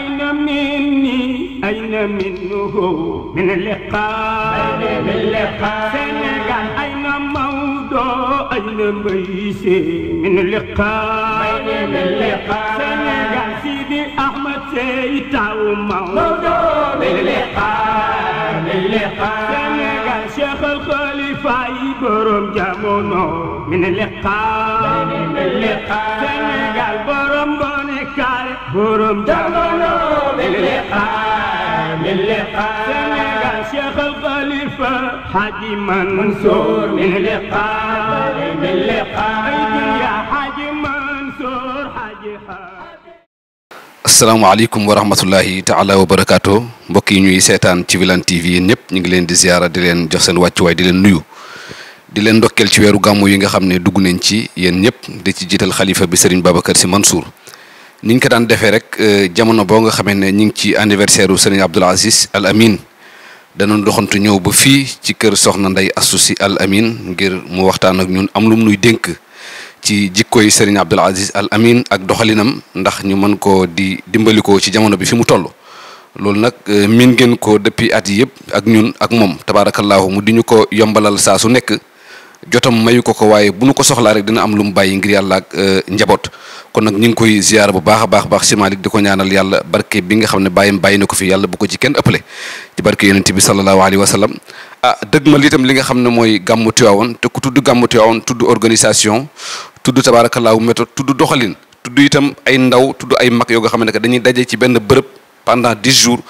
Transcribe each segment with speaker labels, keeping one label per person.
Speaker 1: أين مني أين منه من اللقاء أين من اللقاء سنغال أين موضوع أين ميسي من اللقاء أين من اللقاء سنغال سيدي أحمد سيطا وموضع من اللقاء من اللقاء سنغال شيخ الخليفة إبرم جامونو من اللقاء من اللقاء سنغال برم تمنوا من لقاء من لقاء سنغال شيخ الخليفة حاجي منصور من لقاء من لقاء يا حاجي منصور
Speaker 2: حاجي asalaamaaleykum wa rahmatullahi taala wa barakaatu mbokk yi ñuy seetaan ci Wilane TV yéen ñëpp ñu ngi leen di ziyaara di leen jox seen wàccuwaay di leen nuyu di leen ndokkeel ci weeru gàmmu yi nga xam ne dugg nañ ci yéen ñëpp di ci jiital xalifa bi Serigne Babacar Sy Mansour niñ ko daan defee rek eh, jamono boo nga xamee ne ñu ngi ci anniversaire Serigne Aziz Al Amin danañ doxantu ñëw ba fii ci kër soxna Ndey Assouci Al Amin ngir mu waxtaan ak ñun am lu muy dénk ci jikko yi Serigne Abdoul Aziz Al Amin ak doxalinam ndax ñu mën koo di dimbalikoo ci jamono bi fi mu toll loolu nag eh, min ngeen ko depuis at yi yëpp ak ñun ak moom mu diñu ko yombalal saa su nekk jotam mayu ko ko waaye bu nu ko soxlaa rek dina am lu mu bàyyi ngir yàlla ak euh, njaboot kon nag ñu ngi koy ziyaar bu baax a baax baax si Malick di ko ñaanal yàlla barke bi nga xam ne bàyyi bàyyi na ko fi yàlla bu ko ci kenn ëppale ci barke yonent bi sallallahu alayhi wa sallam ah dëgg ma liitam li nga xam ne mooy gàmmu Tiwaawoon te ku tudd gàmmu Tiwaawoon tudd organisation tudd tabaarakallaahu méthode tudd doxalin tudd itam ay ndaw tudd ay mag yoo nga xam ne dañuy daje ci benn bërëb pendant dix jours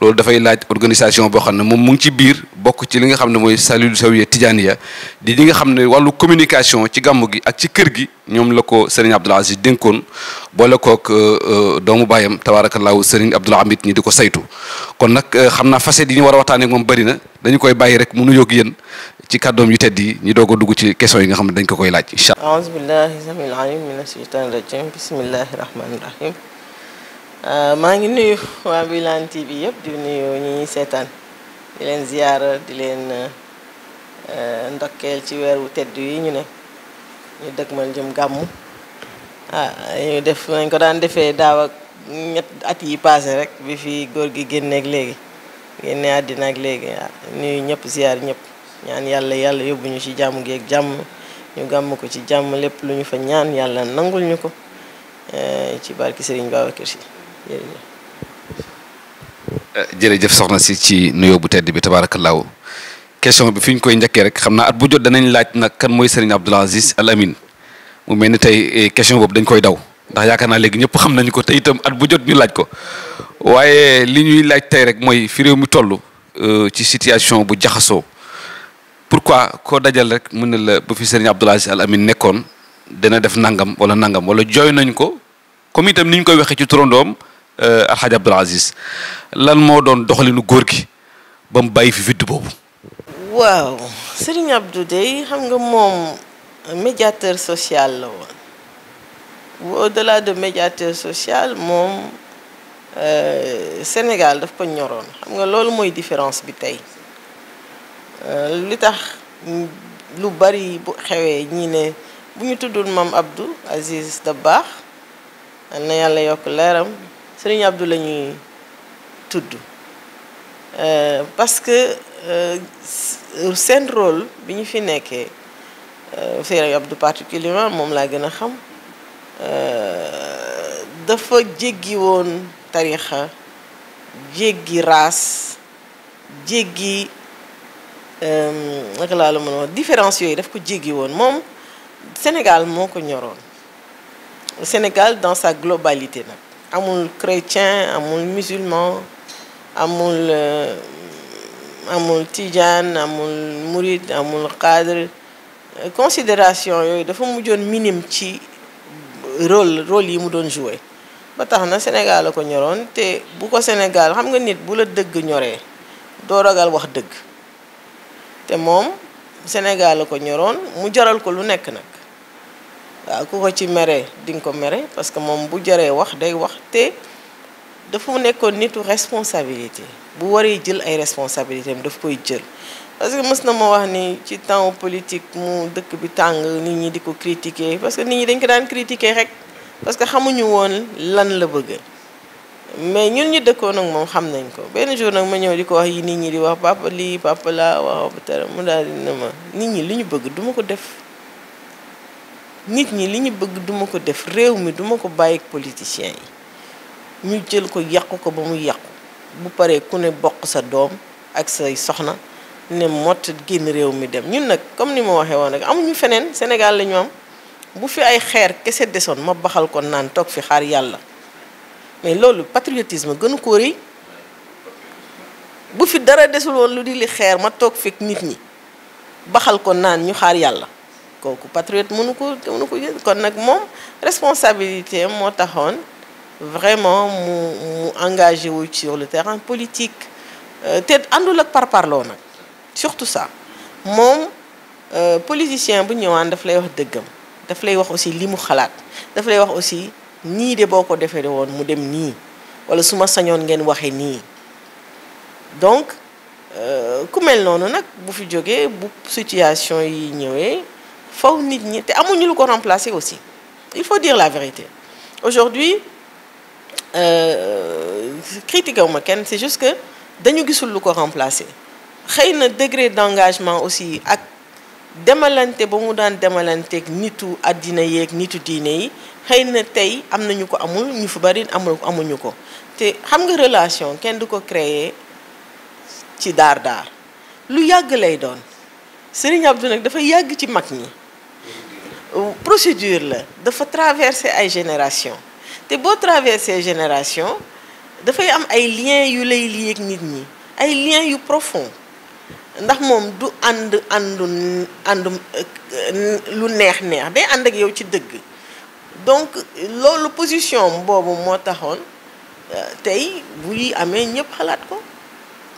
Speaker 2: loolu dafay laaj organisation boo xam ne moom mu ngi ci biir bokk ci li nga xam ne mooy Saalihu Zawiya Tijaaniya di li nga xam ne wàllu communication ci gàmmu gi ak ci kër gi ñoom la ko sëriñ Abdul Aziz dénkoon boole kook euh, euh, doomu baayam tabaarakallaahu sëriñ Abdul Hamid ñi di ko saytu kon nag euh, xam naa facette yi ñu war a waxtaanee moom bëri na dañu koy bàyyi rek mu nuyoog yéen ci kàddoom yu tedd yi ñu doog a dugg ci question yi nga xam ne dañ ko koy laaj incha allah.
Speaker 3: aouzu billahi Euh, maa ngi nuyu waa Wilane TV yëpp di nuyu ñi ñuy seetaan di leen ziyaara di leen euh, ndokkeel ci weer wu tedd yi ñu ne ñu dëgmal jëm gàmmu ah ñu def nañ ko daan defee daaw ak ñett at yi paase rek bi fi góor gi génneeg léegi génne àddina ak léegi ah nuyu ñëpp ziyaar ñëpp ñaan yàlla yàlla yóbbu ñu ci jàmm gi ak jàmm ñu gàmm ko ci jàmm lépp lu ñu fa ñaan yàlla nangul ñu ko euh, ci barki Serigne Babacar Sy Eh,
Speaker 2: jërëjëf soxna si ci nuyoo bu tedd bi tabaarakallaahu question bi fi ñu koy njëkkee rek xam na at bu jot danañ laaj nag kan mooy Serigne Abdoul Aziz Al Amine mu mel ni tey eh, question boobu dañ koy daw ndax yaakaar naa léegi ñëpp xam nañu ko te itam at bu jot ñu laaj ko waaye li ñuy laaj tey rek mooy fi réew mi toll eh, ci situation bu jaxasoo pourquoi koo dajal rek mu ne la bu fi Serigne Abdoul Aziz Al Amine nekkoon dana def nangam wala nangam wala jooy nañ ko comme itam ni ci turandoom. Euh, alxaaji Abdul Aziz lan moo doon doxalinu góor gi ba mu bàyyi fi vidde boobu
Speaker 3: waaw Serigne Abdou dey xam nga moom médiateur social la woon au-delà de médiateur social moom euh, Sénégal daf ko ñoroon xam nga loolu mooy différence bi tey euh, li tax lu bari bu xewee ñi ne bu ñu tuddul maam Abdou Aziz Dabakh na yàlla yokk leeram Serigne Abdou la ñuy tudd euh, parce que euh, seen rôle biñu fi fi euh Serigne Abdou particulièrement mom la gëna xam euh dafa jéggi woon tarixa jéggi race jéggi euh, naka laa la mën différence yooyu daf ko jéggi woon moom Sénégal moo ko ñoroon Sénégal dans sa globalité nag amul chrétien amul musulman amul euh, amul tijaan amul mouride amul cadre considération yoy dafa mujjoon minimum ci rôle rôle yi mu doon jouer. ba tax na Sénégal la ko ñoroon te bu ko Sénégal xam nga nit bu la dëgg ñoré do ragal wax dëgg te moom Sénégal la ko ñoroon mu jaral ko lu nekk nag waaw ku ko ci mere di nga ko mere parce que moom bu jaree wax day wax te dafa nekkoon nitu responsabilité bu waree jël ay responsabilité am daf koy jël parce que mës na ma wax ni ci temps politique mu dëkk bi tàng nit ñi di ko critiquer parce que nit ñi dañ ko daan critiquer rek parce que xamuñu woon lan la bëgg mais ñun ñu dëkkoon ak moom xam nañ ko benn jour nag ma ñëw di ko wax yi nit ñi di wax papa lii papa laa wax ba mu daal di ma nit ñi li ñu bëgg duma ko def nit ñi li ñu bëgg duma ko def réew mi duma ko bàyyi politiciens yi ñu jël ko yàqu ko ba mu yàqu bu paree ku ne boq sa doom ak say soxna ne mott génn réew mi dem ñun nag comme ni ma waxee woon rek amuñu feneen Sénégal la am bu fi ay xeer kese desoon ma baxal ko naan toog fi xaar yàlla mais loolu patriotisme gënu ko rëy bu fi dara desul woon lu di li xeer ma toog fekk nit ñi baxal ko naan ñu xaar yàlla kooku patriote munu ko munu ko kon nak mom responsabilité mo taxone vraiment mu mu engagé wu sur le terrain politique euh, te àndul ak parlo nak surtout ça moom euh, politicien bu ñewan daf lay wax deugam daf lay wax aussi li mu xalaat daf lay wax aussi ni de boko ko won mu dem ni wala suma sañon ngeen waxe ni donc euh, ku mel noonu nak bu fi joggé bu situation yi ñëwé faw nit ñi te amuñu lu ko remplacer aussi il faut dire la vérité aujourd'hui euh, critiqué wu ma c'est juste que dañu gisul lu ko remplacer xëy degré d'engagement aussi ak demalante ba mu daan demalanteeg nitu àddina yeeg nitu diine yi xëy na tey am nous ko amul ñu fi bari amul amuñu ko te xam nga relation ken du créer ci dar. daar lu yàgg lay doon Serigne Abdou nag dafa yàgg ci mag ñi euh, procédure là dafa traverser ay génération té beau traverser génération fay am ay liens yu lay lii ak nit ñi ay liens yu profond ndax mom du and andu andu euh, lu neex neex day and ak yow ci deug donc lolu position mo taxone euh, tay tey yi amé ñep xalat ko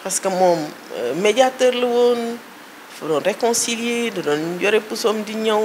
Speaker 3: parce que mom médiateur le won fa doon réconcilier de doon yore pusoom di ñëw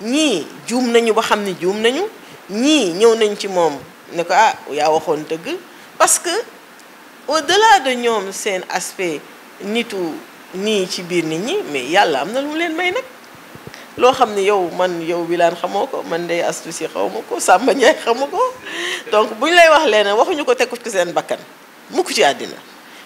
Speaker 3: ñii juum nañu ba xam ne juum nañu ñii ñëw nañ ci moom ne ko ah yaa waxoon dëgg parce que au-delà de ñoom seen aspect nitu nii ci biir nit ñi mais yàlla am na lu mu leen may nag loo xam ne yow man yow laan xamoo ko man day astu si xaw ma ko Samba Ndiaye xamu ko donc bu ñu lay wax leen waxuñu ko tegu ci seen bàkkan mukk ci àddina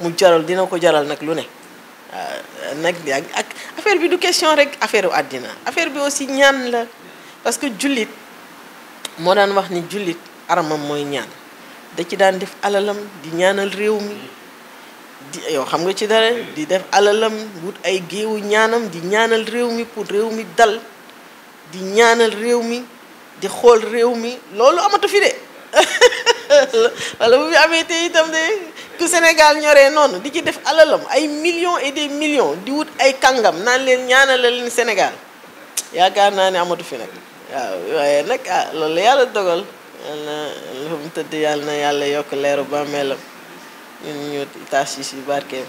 Speaker 3: mu jaral dina ko jaral nag lu ne euh, nag ak affaire bi du question rek affaire àddina affaire bi aussi ñaan la parce que jullit moo daan wax ni jullit aramam mooy ñaan da ci daan def alalam di ñaanal réew mi di yow xam nga ci dara di def alalam wut ay géewu ñaanam di ñaanal réew mi pour réew mi dal di ñaanal réew mi di xool réew mi loolu amatu fi de wala bu fi amee te itam de que Sénégal ñoree noonu di ci def alalam ay million et des millions di wut ay kàngam naan leen la leen Sénégal yaakaar naa ne amatu fi nag waaw waaye nag ah loolu yàlla dogal yàlla na mu tëdd yàlla na yàlla yokk leeru bàmmeelam ñun ñu taas yi si barkeem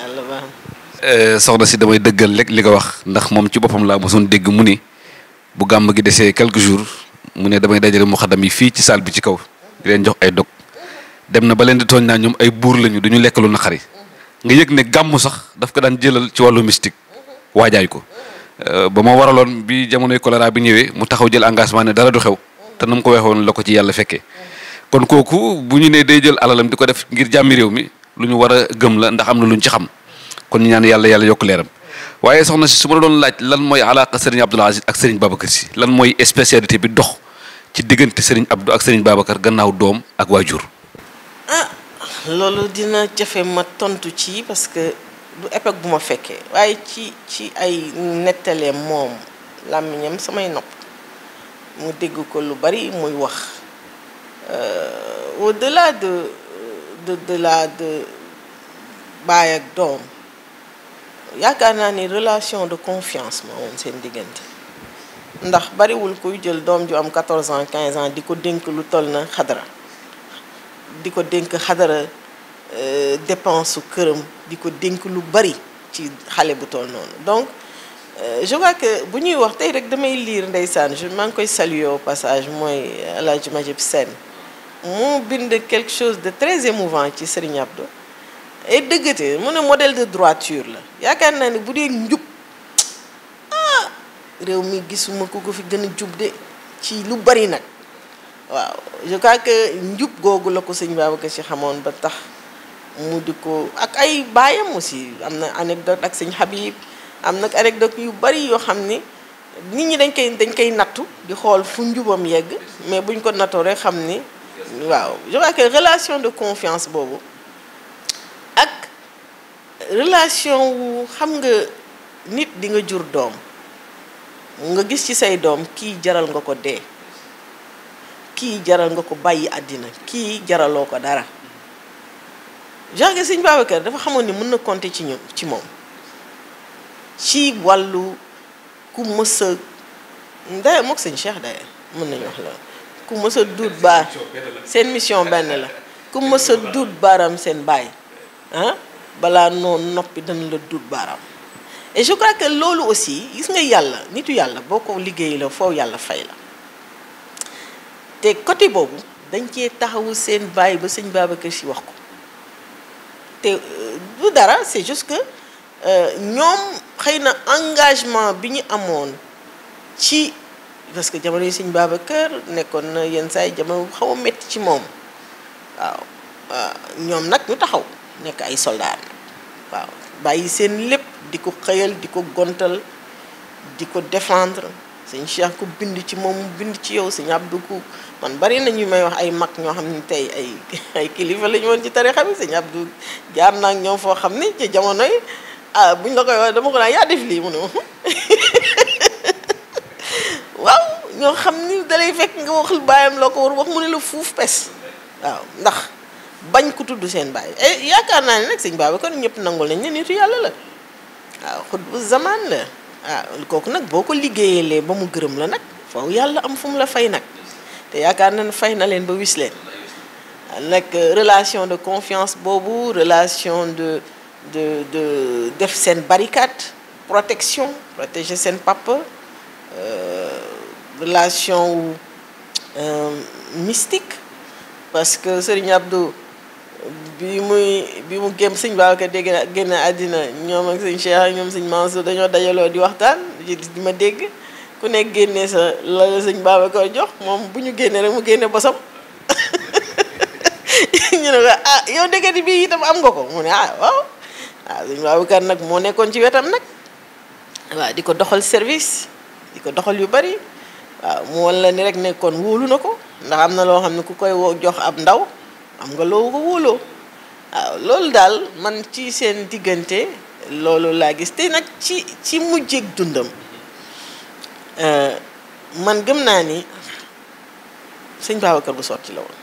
Speaker 3: yàlla baax
Speaker 2: na. Eh, soxna si damay dëggal rek li ko wax ndax moom ci boppam laa mosoon dégg mu ni bu gàmm gi desee quelques jours mu ne damay dajale muxadam yi fii ci salle bi ci kaw di leen jox ay dog dem na ba leen di tooñ naa ñoom ay buur lañu duñu lekk lu naqari nga yëg ne gàmm sax daf ko daan jëlal ci wàllu mystique waajaay ko euh, ba moo waraloon bi jamonoy choléra bi ñëwee mu taxaw jël engagement ne dara du xew te na mu ko waxoon la ko ci yàlla fekkee kon kooku bu ñu nee day jël alalam di ko def ngir jàmmi réew mi lu ñu war a gëm la ndax am na lu ñu ci xam kon ñaan yàlla yàlla yokk leeram waaye soxna si su ma doon laaj lan mooy alaaka Serigne Abdoul Aziz ak Serigne Babacar si lan mooy spécialité bi dox ci diggante Serigne Abdou ak Serigne Babacar gannaaw doom ak waajur
Speaker 3: ah loolu dina jafe ma tontu ci parce que du époque buma féké waye ci ci ay netalé mom lamiñam samay nop mu dégg ko lu bari muy wax euh au-delà de de de la de baay ak doom yaakaar naa ni relation de confiance moo woon seen diggante ndax bariwul kuy jël doom ju am 14 ans 15 ans di ko dénk lu toll na xadara diko denk dénk xadara euh, dépense su këram di ko lu bari ci xalé bu non donc euh, je vois que buñuy wax tay rek damay lire ndeysaan je mang koy saluer au passage moy aladji Hadj Majib mu bind quelque chose de très émouvant ci Serigne Abdou et dëggate mu ne modèle de droiture la yaakaar na ni bu njub ah rew mi gisuma ko ko fi gëna njub jub de ci lu bari nak waaw je crois que njub googu la ko sëñ Babacar Sy xamoon ba tax mu di ko ak ay baayam aussi am na anecdote ak sëñ Habib am nag anecdote yu bari yoo xam ni nit ñi dañ koy dañ koy nattu di xool fu njubam yegg mais buñ ko nattoo rek xam ni waaw je crois que relation de confiance boobu ak relation wu xam nga nit di nga jur doom nga gis ci say doom kii jaral nga ko dee kii jaral nga ko bàyyi àddina kii jaraloo ko dara genre sëñ Babacar dafa xamoon ni mun na compter ci ñoom ci moom ci wàllu ku mës a d'ailleurs mook sëñ Cheikh d'ailleurs mën nañu wax la ku mës a duut seen mission benn la ku mës a duut baaram seen baay ah balaa noonu noppi dana la duut baaram et je que loolu aussi gis nga yàlla nitu yàlla boo ko liggéey la foofu yàlla fay la te côté bobu, dañ cee taxawu seen baye ba seigne Babacar ci wax ko Té euh, du dara c'est juste que euh, ñoom xëy na engagement bi ñu amoon ci parce que jamono seigne Babacar nekkoon na yenn saa yi jamono xaw a ci mom. waaw Ñom nak ñu taxaw nekk ay soldats. waaw bàyyi seen lepp diko xeyal diko gontal diko défendre seigne Cheikh ko bind ci mom bind ci yow seigne Abdou man bari na ñu may wax ay mag ñoo xam ne tey ay ay kilifa la ñu woon ci tarixa bi sëñ Abdou jaar naa ñoom foo xam ne ci jamono ah, buñ la koy wax dama ko naan yaa def lii mu ne hmm? waaw ñoo xam fekk nga wax baayam ko war wax mu ne la fuuf pes waaw ndax bañ ku tudd seen baay e yaakaar naa ne nag sëñ Babacar ñëpp nangul nañ ne nitu yàlla la waaw xut bu zamaan la waaw kooku nag boo ko liggéeyalee ba mu gërëm la nag foofu yàlla am fu mu la fay nag Il y a des relations relation de confiance une relation de de de barricade protection protéger seen papa euh, relation euh, mystique parce que Serigne Abdou bi muy bi mu de sëñ Babacar dégg un génn àddina ak Cheikh je Mansour ku ne génne sa la señ baba ko jox mom buñu ñu rek mu génne bosam ñu ne ah yow ndekete bi itam am nga ko mu ne ah waaw ah, señ baba kan nak mo nekkon ci wetam nak wa di ko doxal service di ko doxal yu bari wa mu won la ni rek nekkon wóolu na ndax amna na xamni ku koy jox ab ndaw am nga lo ko wóoloo waaw loolu man ci seen digënté lolou la gis té nak ci ci mujjé dundam man gëm naa ni sëñ Babacar bu sotti la woon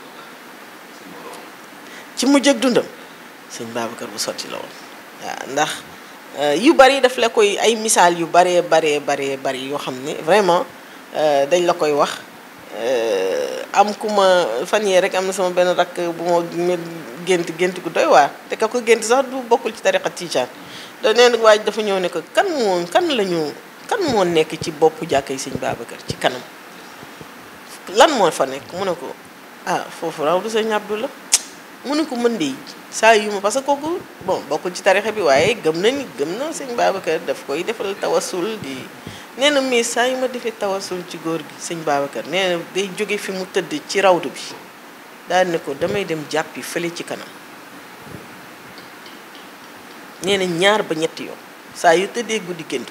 Speaker 3: ci mu jëg dundam sëñ Babacar bu sotti la woon waaw ndax euh, yu bari daf la koy ay misaal yu baree baree baree bari yoo xam ni vraiment euh, dañ la koy wax euh, am ku ma fan yee rek am na sama benn rakk bu ma gént gént gu doy waa te ka ko gént sax du bokkul ci tariqa tijaan da neen waaj dafa ñëw ne ko kan moom kan lañu kan moo nekk ci boppu jàkk yi sëñ Babacar ci kanam lan moo fa nekk mu ne ko ah foofu raw du sëñ la mu ne ko mën de saa yu ma parce que kooku bon bokkul ci tarixa bi waaye gëm na ni gëm na sëñ Babacar daf koy defal tawasul di nee na mais saa yu ma defee tawasul ci góor gi sëñ Babacar nee na day jóge fi mu tëdd ci rawdu bi daal ne ko damay dem jàppi fële ci kanam nee na ñaar ba ñetti yoon saa yu tëddee guddi gént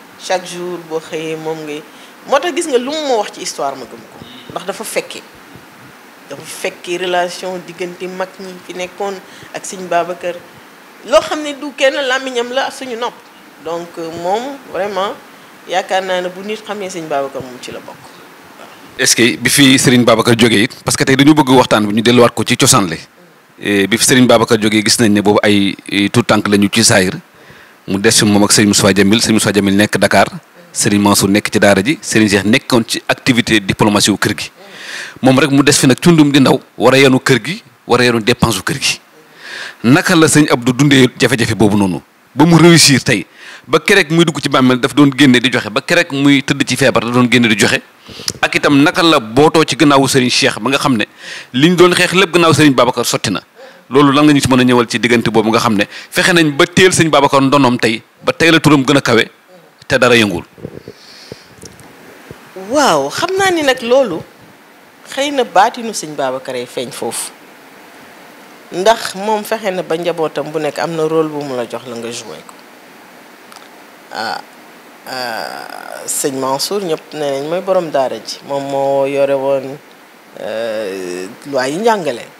Speaker 3: chaque jour bo xëyee mom ngay moo gis nga lu mu wax ci histoire ma gëm ko ndax dafa fekkee dafa fekkee relation diggante mag ñi fi nekkoon ak seigne Babacar lo xamné du kenn lamiñam la suñu nopp donc euh, mom vraiment yaakaar naa ne bu nit xamee sëñ Babacar moom ci la bokk
Speaker 2: est-ce que bi fi Serigne Babacar jógee it parce que tey dañu bëgg waxtaan bi ñu delluwaat ko ci cosaan li bi fi Serigne Babacar jógee gis nañ ne boobu ay tout tànk lañu ci Sahir mu des fi moom ak Serigne Moussa Jamil Serigne Moussa Jamil nekk Dakar Serigne Mansour nekk ci daara ji Serigne Cheikh nekkoon ci activité diplomatie wu kër gi moom rek mu des fi nag cundum di ndaw war a yenu kër gi war a yenu dépense kër gi naka la sëñ du dundee jafe-jafe boobu noonu ba mu réussir tey ba kereeg muy dugg ci bàmmeel daf doon génne di joxe ba kereeg muy tëdd ci feebar da doon génne di joxe ak itam naka la bootoo ci gannaawu Serigne Cheikh ba nga xam ne liñ doon xeex lépp gannaaw Serigne Babacar sotti na loolu lan nga ñu ci mën a ñëwal ci diggante boobu nga xam ne fexe nañ ba teel sëñ Babacar ndonoom tey ba tey la turam gën a kawe te dara yëngul.
Speaker 3: waaw xam naa ni nag loolu xëy na baatinu sëñ Babacar ay feeñ foofu ndax moom fexe na ba njabootam bu nekk am na rôle bu mu la jox la nga joué ko ah. ah sëñ Mansour ñëpp nañ mooy borom daara ji moom moo yore woon euh, loi yi njàngale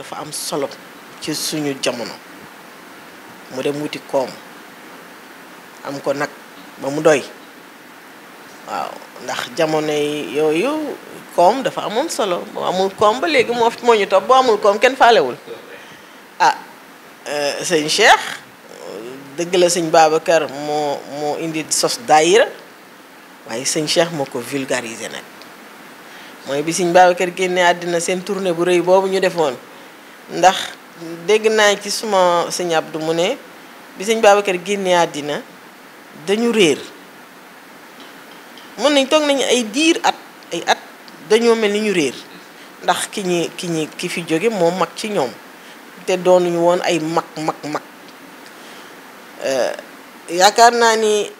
Speaker 3: dafa am solo ci suñu jamono mu dem wuti koom am ko nag ba mu doy waaw ndax jamono yi yooyu koom dafa amoon solo boo amul koom ba léegi moo moo ñu topp boo amul koom kenn faalewul ah euh, sëñ Cheikh dëgg la baaba kër moo moo indi sos daayira waaye sëñ Cheikh moo ko vulgarisé nag mooy bi sëñ Babacar génne àddina seen tourne bu rëy boobu ñu defoon ndax deg na ci suma seigne Abdou mu bi seigne Babacar génne adina dañu réer tok nañ ay dir at ay at dañu melni ñu rër ndax ki ñi ki ñi ki fi joggé mo mag ci té doonu ñu won ay mag mag mag euh, yaakar na ni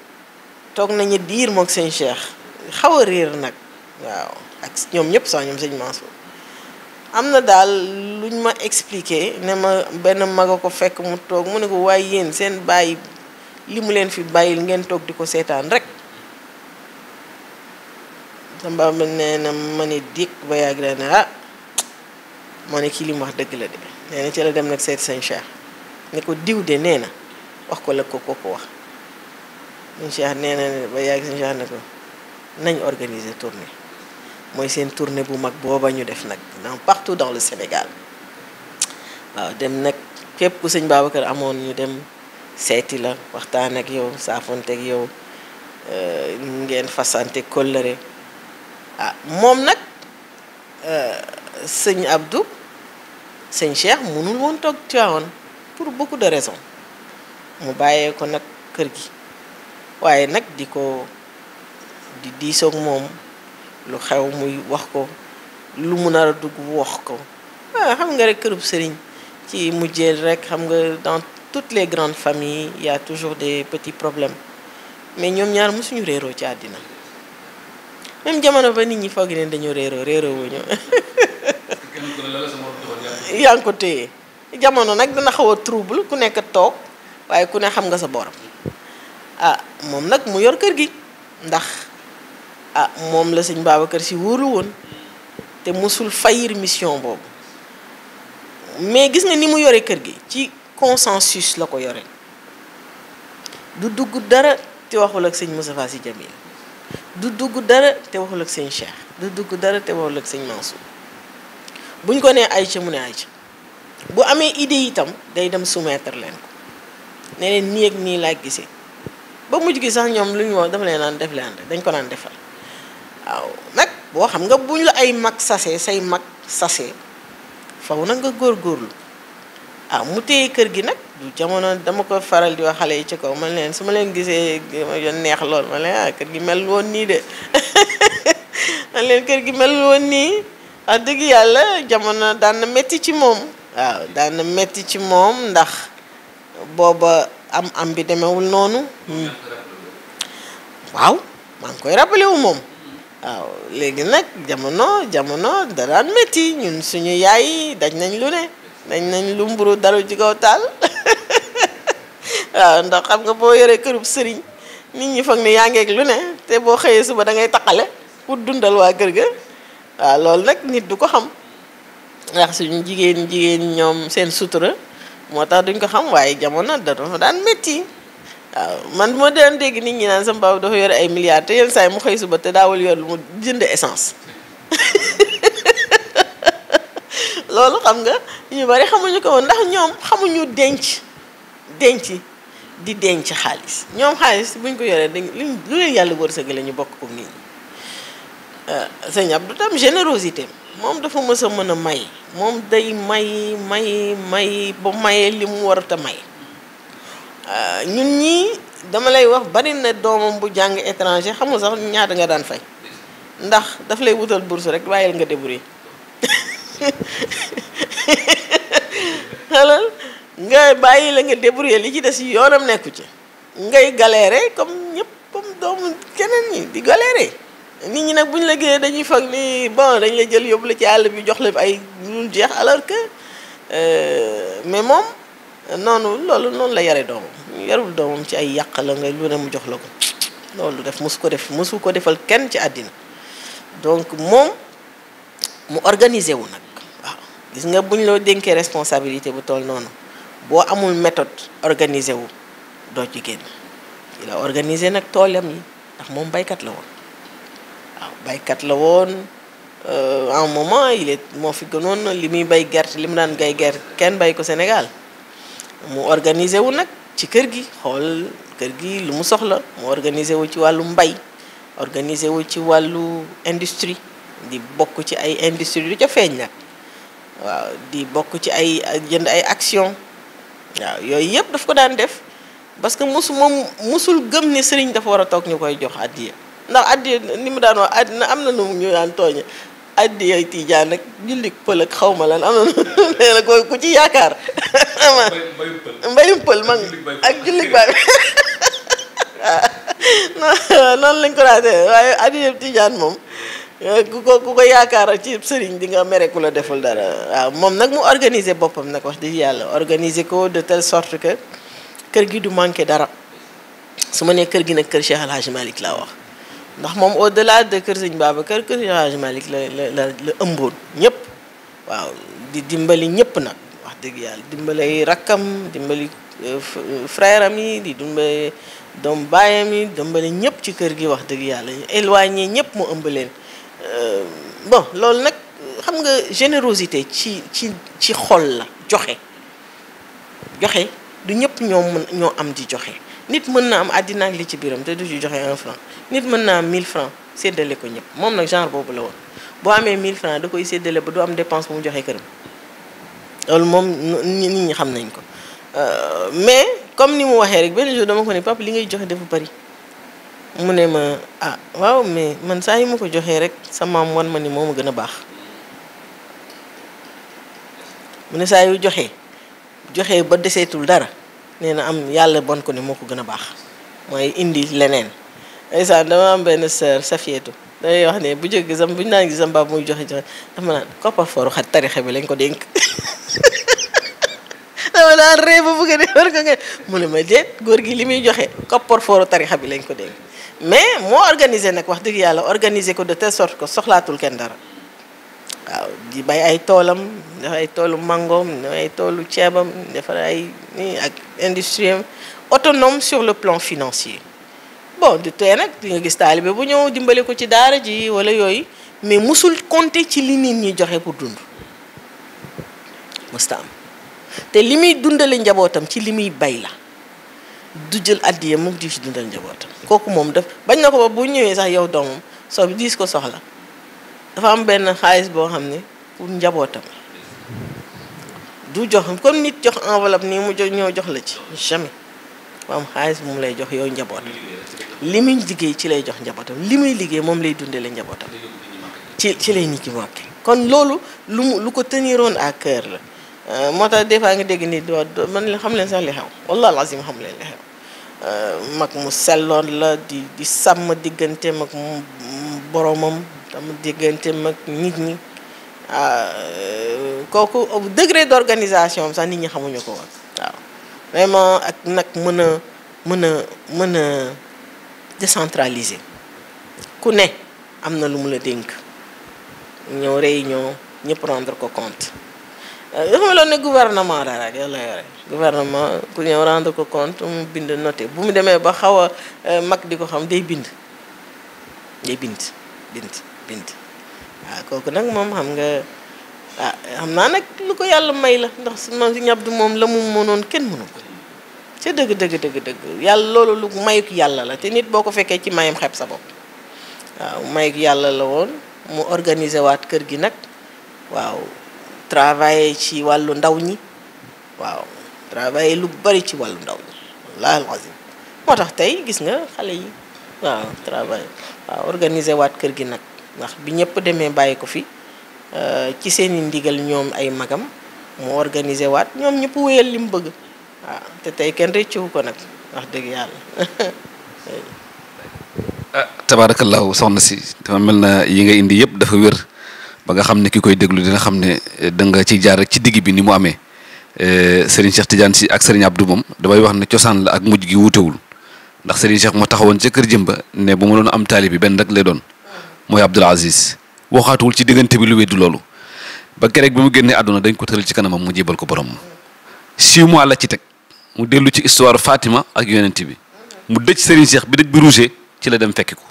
Speaker 3: tok nañu dir moog seigne Cheikh xawa rër nak waaw ak ñom ñep sa ñom seigne Mansour am na daal luñ ma expliqué ne ma benn mag a ko fekk mu toog mu ne ko waaye yéen seen bàyyi li mu leen fi bàyyil ngeen toog di ko seetaan rek samba ma nee na ma ne dikk ba yàgg la ne ah ma ne kii li wax dëgg la de nee na ci la dem nag seet sëñ Cheikh ne ko diw de nee na wax ko la ko ko wax sëñ Cheikh nee na ba yàgg sëñ Cheikh ne ko nañ organiser tournée mooy seen tournée bu mag booba ñu def nag dans partout dans le Sénégal waaw dem nag képp ku sëñ Babacar amoon ñu dem seeti la waxtaan ak yow saafonte ak yow euh, ngeen fasante kóllëre ah moom nag euh, Seigne Abdou sëñ Cheikh mënul woon toog Tivaouane pour beaucoup de raisons mu bail ko nag kër gi waaye nag di ko di diisoog moom lu xew muy wax ko lu mu nar a dugg wax ko waaw ah, xam nga rek kërub sëriñ ci mujjeel rek xam nga dans toutes les grandes familles y toujours des petits problèmes mais ñoom ñaar suñu réeroo ci àddina même jamono ba nit ñi foogi ne dañoo réeroo réeroo wuñu yaa téye jamono nag dina xaw a trouble ku nekk toog waaye ku ne xam nga sa borom ah moom nag mu yor kër gi ndax ah moom la sëñ kër si wóolu woon te mosul fayir mission boobu mais gis nga ni mu yore kër gi ci consensus la ko yore du dugg dara te waxul ak sëñ Moustapha Sy Djamil du dugg dara te waxul ak sëñ Cheikh du dugg dara te waxul ak sëñ Mansour buñ ko nee ayca mu ne ayca bu amee idée itam day dem soumettre leen ko ne leen nii ak nii laa gisee ba mujj gi sax ñoom lu ñu wax dafa leen naan def leen rek dañ ko naan defal waaw nag boo xam nga buñ la ay mag sase say mag sase faw nag nga góorgóorlu ah mu téye kër gi nag du jamono dama ko faral di wax yi ci kaw man leen su ma leen gisee neex lool ah, man leen kër gi mel woon nii de kër gi mel woon nii wax dëgg yàlla jamono daan na metti ci moom waaw daan na metti ci moom ndax booba am am bi demewul noonu hmm. waaw maa ngi koy rappelé wu moom waaw léegi nag jamono jamono daraan métti ñun suñu yaay dañ nañ lu ne dañ nañ lu mburu dara ci kaw taal waaw ndax xam nga boo yoree kërub sëriñ nit ñi foog ne yaa ngeeg lu ne te boo xëyee suba da ngay taqale pour dundal waa kër ga waaw loolu nag nit du ko xam ndax suñu jigéen jigéen ñoom seen sutura moo tax duñ ko xam waaye jamono dafa daan métti waaw man moo daan dégg nit ñi naan sama baab dafa yore ay milliards te yenn saa yi mu xëy suba te daawul yor lu mu jënd essence loolu xam nga ñu bari xamuñu ko woon ndax ñoom xamuñu denc denc di denc xaalis ñoom xaalis buñ ko yoree dañ luñ lu leen yàlla wërsëgale ñu bokk ko nit ñi sëñ Abdou tam générosité moom dafa mës a mën a may moom day may may may ba mayee li mu war a may. Euh, ñun ñii dama lay wax bari na doomam bu jàng étranger xamul sax ñaata nga daan fay ndax daf lay wutal bourse rek bàyyil nga débrouiller xalal nga bàyyi la nga débrouiller li ci des yoonam nekku ci ngay galérer comme ñëpp comme doomu keneen ñi di galérer nit ñi nag bu ñu la génnee dañuy foog ni bon dañ la jël yóbbu la ci àll bi jox la ay lu jeex alors que euh, mais moom non non non, la non non, yarul non, ci ay non, la ngay jox non, non, def non def defal ci donc non, mu organiser wu non, gis nga buñ non, non, responsabilité bu toll non non amul méthode organiser wu non, ci non, non, organiser non, non, yi ndax baykat la baykat la euh, moment il est non, fi non li bay non, li mu non, non, Sénégal mu organiser wu nag ci kër gi xool kër gi lu mu soxla mu organiser wu ci wàllu mbay organiser wu ci wàllu industrie di bokk ci ay industrie du ca feeñ nag waaw di bokk ci ay jënd ay action waaw yooyu yëpp daf ko daan def parce que musu moom mosul gëm ni sëriñ dafa war a toog ñu koy jox addiya ndax addiya ni mu daan wax am na nu ñu daan tooñe addiyay tiijaan ak jullik pël ak xaw ma lan am na nee na ko ku ci yaakaar ama mbayum pël man ak jullik baay waaw noonu lañ ko raate waaye addiyay tijaan moom ku ko ku ko yaakaar ci sëriñ di nga mere ku la deful dara waaw moom nag mu organiser boppam nag wax dëgg yàlla organiser ko de telle sorte que kër gi du manqué dara su ma nee kër gi nag kër Cheikh Al laa wax ndax moom au delà de kër sëñ Babacar kër sëñ Hadj Malick la la la ëmboon ñëpp waaw di dimbali ñëpp nag wax dëgg yàlla dimbali rakkam dimbali euh, euh, frère yi di dimbali doom baayam yi dimbali ñëpp ci kër gi wax dëgg yàlla éloigné ñëpp mu ëmb leen euh, bon loolu nag xam nga générosité ci ci ci xol la joxe joxe du ñëpp ñoo mën ñoo am di joxe. nit mën na am àddina ak li ci biiram te du joxe un franc nit mën na am 1000 francs séddale ko ñëpp moom nag genre boobu la woon boo amee 1000 francs da koy séddale ba du am dépense bu mu joxe këram loolu moom nit ñi xam nañ ko euh, mais comme ni mu waxee rek benn dama ko ne li ngay joxe dafa bari mu ne ma ah waaw mais man saa yi ma ko joxee rek sa maam wan ma ni moo ma gën a baax mu ne saa yu joxe joxe ba deseetul dara. nee na am yàlla bon ko ne moo ko gën a baax mooy indi leneen ndeysaan dama am benn sœur Safietou day wax ne bu jóg sam bu ñu naan gis sam baab muy joxe joxe dama naan koppar foru xat bi lañ ko dénk dama naan ba bëgg a dee war ko nga mu ne ma déet góor gi li muy joxe koppar foru tarixa bi lañ ko dénk mais moo organisé nag wax dëgg yàlla organisé ko de telle sorte que soxlaatul kenn dara waaw di bay ay toolam def ay toolu mangoom def ay toolu ceebam defar ay ak industrie autonome sur le plan financier bon du tee nag di nga gis taalibe bu ñëw dimbali ko ci daara ji wala yooyu mais musul compter ci li nit ñi joxe pour dund musta am te li muy dundale njabootam ci li muy bay la du jël addiya moom di ci dundal njabootam kooku moom daf bañ na ko ba bu ñëwee sax yow doomam soo diis ko soxla dafa am benn xaalis boo xam ne pour njabootam du jox comme nit jox enveloppe nii mu jox ñoo jox la ci jamais mu am xaalis bu mu lay jox yow njabootam li muy liggéey ci lay jox njabootam li muy liggéey moom lay dundale njabootam ci ci lay nit ki manqué kon loolu lu lu ko teniroon ak cœur la euh, moo tax des fois nga dégg nii do man xam leen sax li xew wallahi lazim xam leen li xew euh, mag mu selloon la di di sàmm diggante mag mu boromam tam diggante mag nit ñi ah, kooku degré d'organisation am sax nit ñi xamuñu ko woon waaw vraiment ak nag mën a mën a mën a décentraliser ku ne am na lu mu la dénk ñëw réunion ñu prendre ko compte ah, dafa meloon ne gouvernement daal rek yàlla yore gouvernement ku ñëw rendre ko compte mu bind noté bu mu demee ba xaw a euh, mag di ko xam day bind day bind bind bind waaw kooku nak mom xam nga ah xam naa lu ko ya yalla may la ndax ma si ñabdu mom la mu mënoon kenn mënu ko ci deug deug deug deug yalla lolu lu mayuk yalla la te nit boko fekke ci mayam xeb sa bopp waaw mayuk yalla la won mu organiser wat keur gi nak waaw travailler ci walu ndaw ñi waaw travailler lu bari ci walu ndaw ñi wallahi alazim motax tay gis nga xalé yi waaw travail waaw organiser wat keur gi nak wax bi ñëpp demee bàyyi ko fi euh, ci seen i ndigal ñoom ay magam mu organiser waat ñoom ñëpp wéyal li mu bëgg te tey kenn rëccu ko nag wax dëgg yàlla.
Speaker 2: ah tabaarakallaahu soxna si dafa mel na yi nga indi yëpp dafa wér ba nga xam ne ki koy déglu dina xam ne eh, da nga ciy jaar rek ci digg bi ni mu amee eh, Serigne Cheikh Tidiane si ak Serigne Abdou moom damay wax ne cosaan la ak mujj gi wuutewul ndax Serigne Cheikh moo taxawoon ca kër Jëmba ne bu ma doon am taali bi benn rek lay doon. mooy Abdoul Aziz waxaatuwul ci diggante bi lu weddi loolu ba keroog bi mu génnee àdduna dañ ko tëral ci kanamam mu jébal ko borom six mois la ci teg mu dellu ci histoire Fatima ak yonent bi mu dëj Serigne Cheikh bi dëj bi rouge ci la dem fekki ko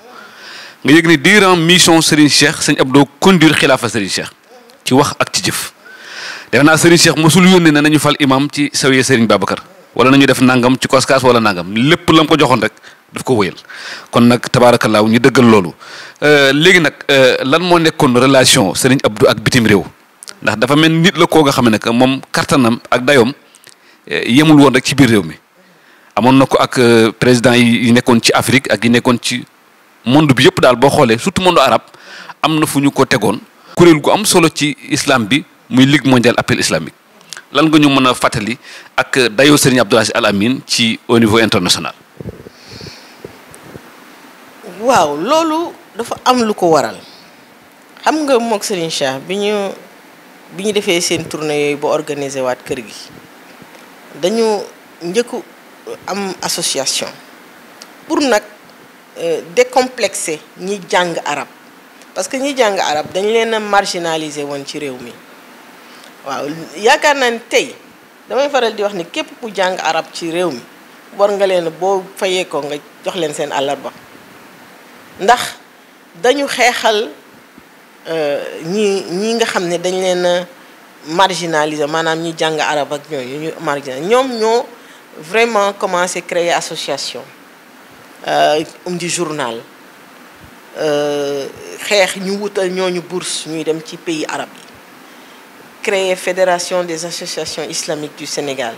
Speaker 2: nga yëg ne durant mission Serigne Cheikh sëñ Abdou conduire xilaafa Serigne Cheikh ci wax ak ci jëf defe naa Serigne Cheikh mosul yónnee ne nañu fal imam ci sawiya Serigne Babacar wala nañu def nangam ci koskaas wala nangam lépp lam ko joxoon rek daf ko wëyal kon nag tabaarakallaahu ñu dëggal loolu euh, léegi nag euh, lan moo nekkoon relation Serigne Abdou ak bitim réew ndax dafa mel nit la koo nga xam ne que moom kattanam ak dayoom euh, yemul woon rek ci biir réew mi amoon na ko ak président yi nekkoon ci Afrique ak yi nekkoon ci monde bi yëpp daal boo xoolee surtout monde arab am na fu ñu ko tegoon kuréel gu am solo ci islam bi muy lig mondial appel islamique lan nga ñu mën a fàttali ak dayoo Serigne Abdoul Aziz Al ci au niveau international
Speaker 3: waaw loolu dafa am lu ko waral xam nga mook Serigne Cheikh bi ñu bi ñu defee seen tournée yooyu ba organiser waat kër gi dañu njëkku am association pour nag euh, décomplexer ñi jàng arab parce que ñi jàng arab dañ leen a marginaliser woon ci réew mi waaw yaakaar naa ni tey damay faral di wax ni képp ku jàng arab ci réew mi war nga leen boo fayee ko nga jox leen seen àllarba ndax dañu xeexal euh, ñi ñi nga xam ne dañ leen marginaliser maanaam ñi jàng arab ak ñooñu ñu marginal ñoom ñoo vraiment commencé créer association euh, um di journal euh, xeex ñu wutal ñooñu bourse ñuy dem ci pays arab yi créer fédération des associations islamiques du Sénégal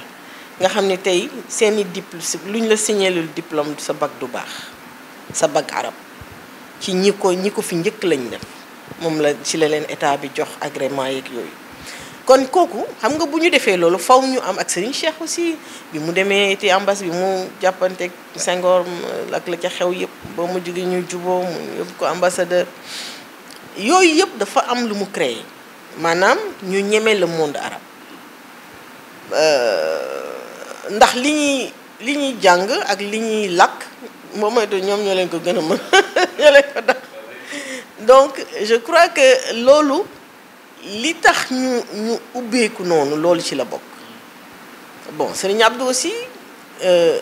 Speaker 3: nga xam ne tey seeni dipl lu ñu la signalul diplôme sa bac du baax sa bac arab ci ñiko ñiko fi ñëk lañ def mom la ci la leen état bi jox agrément yek yoy kon koku xam nga buñu défé lolu loolu faw ñu am ak Serigne Cheikh aussi bi mu démé ci ambassade bi mu jappanté Senghor ak la ca xew yépp ba mu jigi ñu jubo mu yóbbu ko ambassadeur yoy yépp dafa am lu mu créé manam ñu ñëmé le monde euh ndax li ñuy jang ak li lak moom mooy ñoom ñoo ko gën donc je crois que lolo li tax ñu ñu ubbeeku noonu loolu ci la bok. bon Serigne Abdou aussi euh,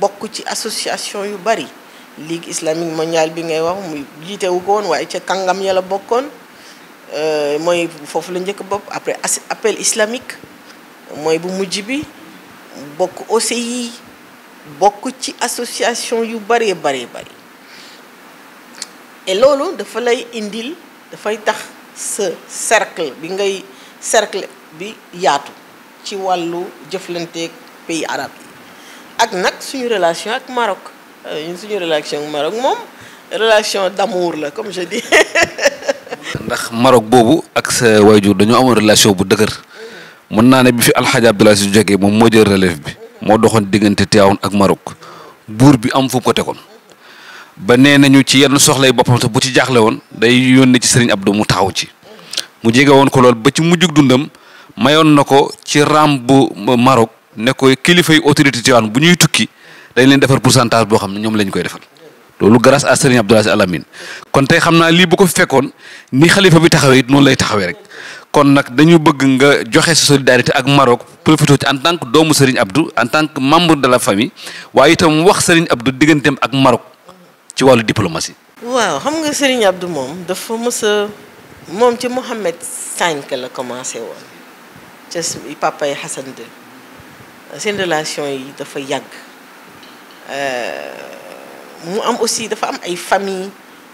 Speaker 3: beaucoup ci association yu bari ligue islamique mondiale bi ngay wax muy jiite wu ko woon ca kàngam ya la bokkoon euh, mooy foofu la njëkk bopp après appel islamique Moi, bu mujj bi bokk OCI bokk ci association yu bëree bëree bëri loolu dafa lay indil dafay tax sa cercle bi ngay cercle bi yaatu ci wàllu jëflanteeg pays arabe yi ak nag suñu relation ak Maroc euh, ñun suñu relation ak Maroc moom relation d'amour la comme je dis
Speaker 2: ndax Maroc boobu ak sa waajur dañoo amoon relation bu dëgër mun naa ne bi fi Alxaaji Abdoulaye Sy jógee moom moo jël relève bi moo doxoon diggante Tiwaawan ak Maroc buur bi am fu mu ko tegoon ba nee nañu ci yenn soxlay boppam sax bu ci jaaxle woon day yónnee ci sëriñ Abdou mu taxaw ci mu jege woon ko lool ba ci mujjug dundam mayoon na ko ci ram bu Maroc ne ko kilifay autorité Tiwaawan bu ñuy tukki dañ leen defar pour pourcentage boo xam ne ñoom lañ koy defal loolu grâce à sëriñ Abdoul Aziz Al Amine kon tey xam naa lii bu ko fekkoon ni xalifa bi taxawee it noonu lay taxawee rek kon nag dañu bëgg nga joxe sa solidarité ak Maroc profité ci en tant que doomu Serigne Abdou en tant que membre de la famille waaye itam wax Serigne Abdou digganteem ak Maroc ci wàllu diplomatie.
Speaker 3: waaw xam nga Serigne Abdou moom dafa mës a moom ci Mohamed Sank la commencé woon ca papa yi Hassan II seen relation yi dafa yàgg euh, mu am aussi dafa am ay famille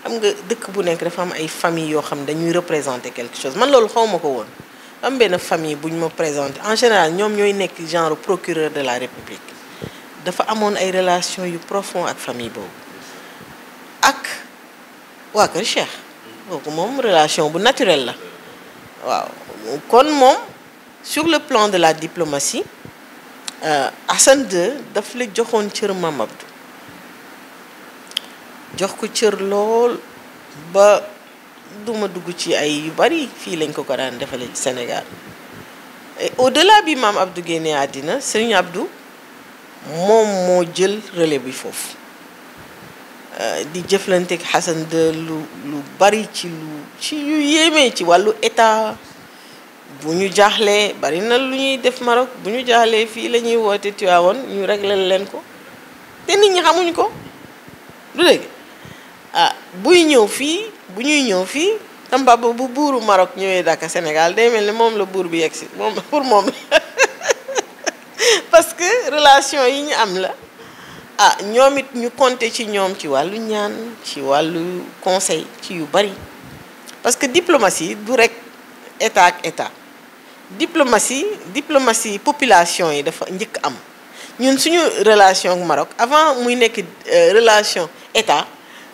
Speaker 3: xam nga dëkk bu dafa am famille qui xam quelque chose man loolu pas ma ko je am une famille qui me présente. en général gens qui sont genre procureur de la république dafa ont ay relation yu avec la famille Et, ak c'est cher. Cheikh une relation naturelle la sur le plan de la diplomatie euh, Hassan II daf la joxoon cër m'a jox ko cër lool ba duma dugg ci ay yu bari fii lañ ko ko daan defalee ci Sénégal au bi maam Abdou génnee àddina Serigne Abdou moom moo jël relais bi foofu euh, di jëflanteeg Xasan de lu lu bari ci lu ci yu yéeme ci wàllu état bu ñu jaaxlee bari na lu ñuy def Maroc bu ñu jaaxlee fii lañuy ñuy woote Tiwaawoon ñu réglal leen ko te nit ñi xamuñ ko du dégg si nous fii bu ñuy nous sommes bu nous Maroc au Sénégal nous la nous pour moi, parce que relation yi ñu am la ah sur ñu nous, ci nous, ci conseil ci yu parce que diplomatie du état état diplomatie diplomatie population yi dafa njëkk am ñun suñu relation ak Maroc avant muy euh, relation état.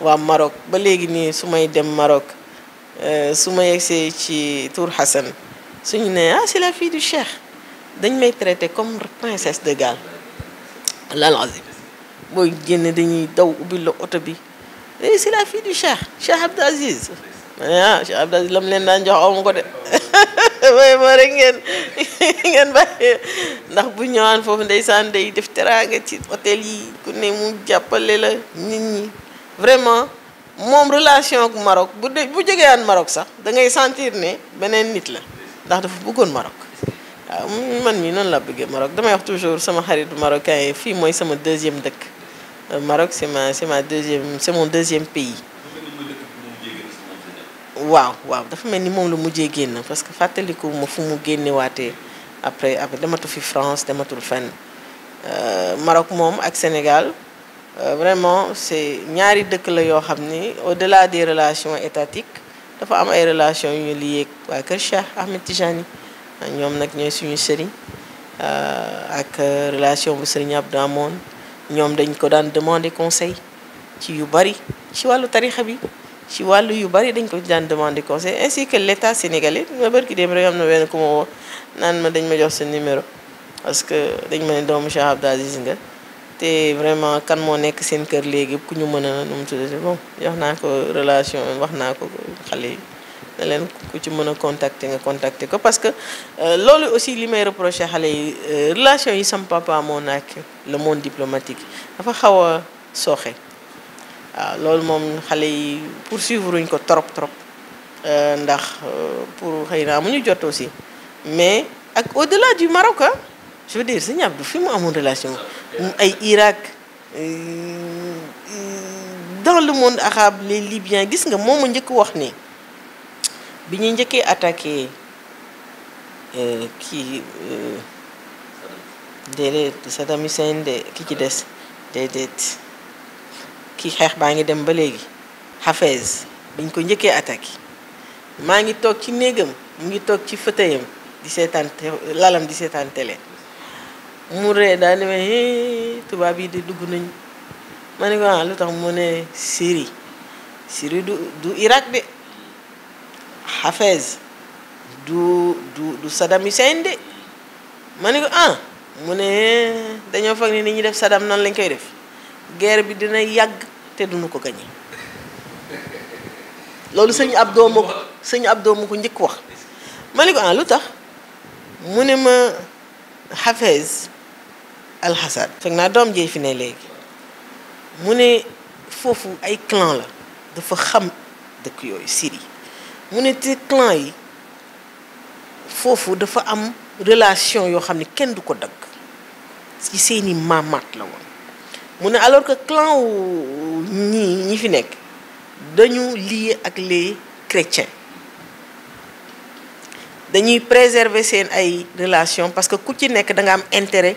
Speaker 3: wa Maroc ba légui ni sumay dem Maroc euh sumay yegsee ci Tour Hassan suñu ne ah c'est la fille du cheikh dañ may traiter comme princesse de Galles la lazim booy génn dañuy daw ubi lo auto bi eh c'est la fille du cheikh Cheikh Abdou Aziz ya Cheikh Abdou Aziz lam len dan jox awu ko de way moo rek ngén ngén bàyyi ndax bu ñëwaan fofu ndeysaan day def teranga ci hôtel yi ku ne mu jàppale la nit ñi vraiment mon relation avec Maroc bu dee bu Maroc sax da ngay sentir né benen nit la ndax dafa bëggoon Maroc man mi noonu la bëggé Maroc damay wax toujours sama xaritu marocain fi moy sama deuxième dëkk euh, Maroc c'est ma c'est ma deuxième c'est mon deuxième pays. waaw waaw dafa mel ni moom la mujjee génn parce que fàttaliku ma fu mu génnewaatee après après dematu fi France dematul fenn euh, Maroc moom ak Sénégal. Euh, vraiment c'est ñaari dëkk la yoo xam ni au-delà des relations étatiques dafa am ay relations yu ñu lié waa Kër Cheikh Ahmed Tijani ñoom nag ñooy suñu sëriñ euh, ak euh, relation bu sëriñ Abdou amoon ñoom dañ ko daan demander conseil ci yu bari ci wàllu tarixa bi ci wàllu yu bari dañ ko daan demander conseil ainsi que l'état sénégalais ma barki dem rek am na wenn ku ma woo naan ma dañ ma jox sa numéro parce que dañ ma ne doomu Cheikh Abdou Aziz nga te vraiment kan moo nek seen kër léegi ku ñu mën a nu bon jox ko relation wax naa ko xale yi ne ku ci mën contacter nga contacter ko parce que euh, lolu aussi li may reprocher xalé yi euh, relation yi sam papa moo naak le monde diplomatique dafa xawa soxé ah lolu mom xalé xale yi poursuivre ñu ko trop trop euh, ndax euh, pour xeyna na amuñu jot aussi mais ak au-delà du Maroc hein, je veux dire Serigne Abdou fi mu amoon relation ay Irak euh, euh, dans le monde arabe les libyens gis nga moom a njëkk wax ni bi ñuy njëkkee attaqué euh, kii déedéet Saddam Hussein de ki ci des déedéet kii xeex baa ngi dem ba léegi Hafez biñ ko njëkkee attaqué maa ngi toog ci néegam mu ngi toog ci fauteuilam di seetaan lalam di seetaan télé mu ree daal di ma tubaab yi di dugg nañu ma ne ko ah lu tax mu ne Syrie siri du du Irak de Hafez du du du Saddam Hussein de ma ne ko ah mu ne dañoo foog ni ni ñuy def Saddam noonu lañ koy def guerre bi dina yàgg te duñu ko gañe loolu sëñ Abdou ma ko sëñ Abdou ma ko njëkk wax ma ne ko ah lu tax mu ne ma Hafez al suis naa homme, jëy fi ne fofu ay clan la dafa xam de Syrie mu te clan yi fofu dafa am relation yo xamni kenn du ko ci seeni mamat la alors que clan wu fi les chrétiens dañuy préserver ces ay relation parce que ku ci da nga intérêt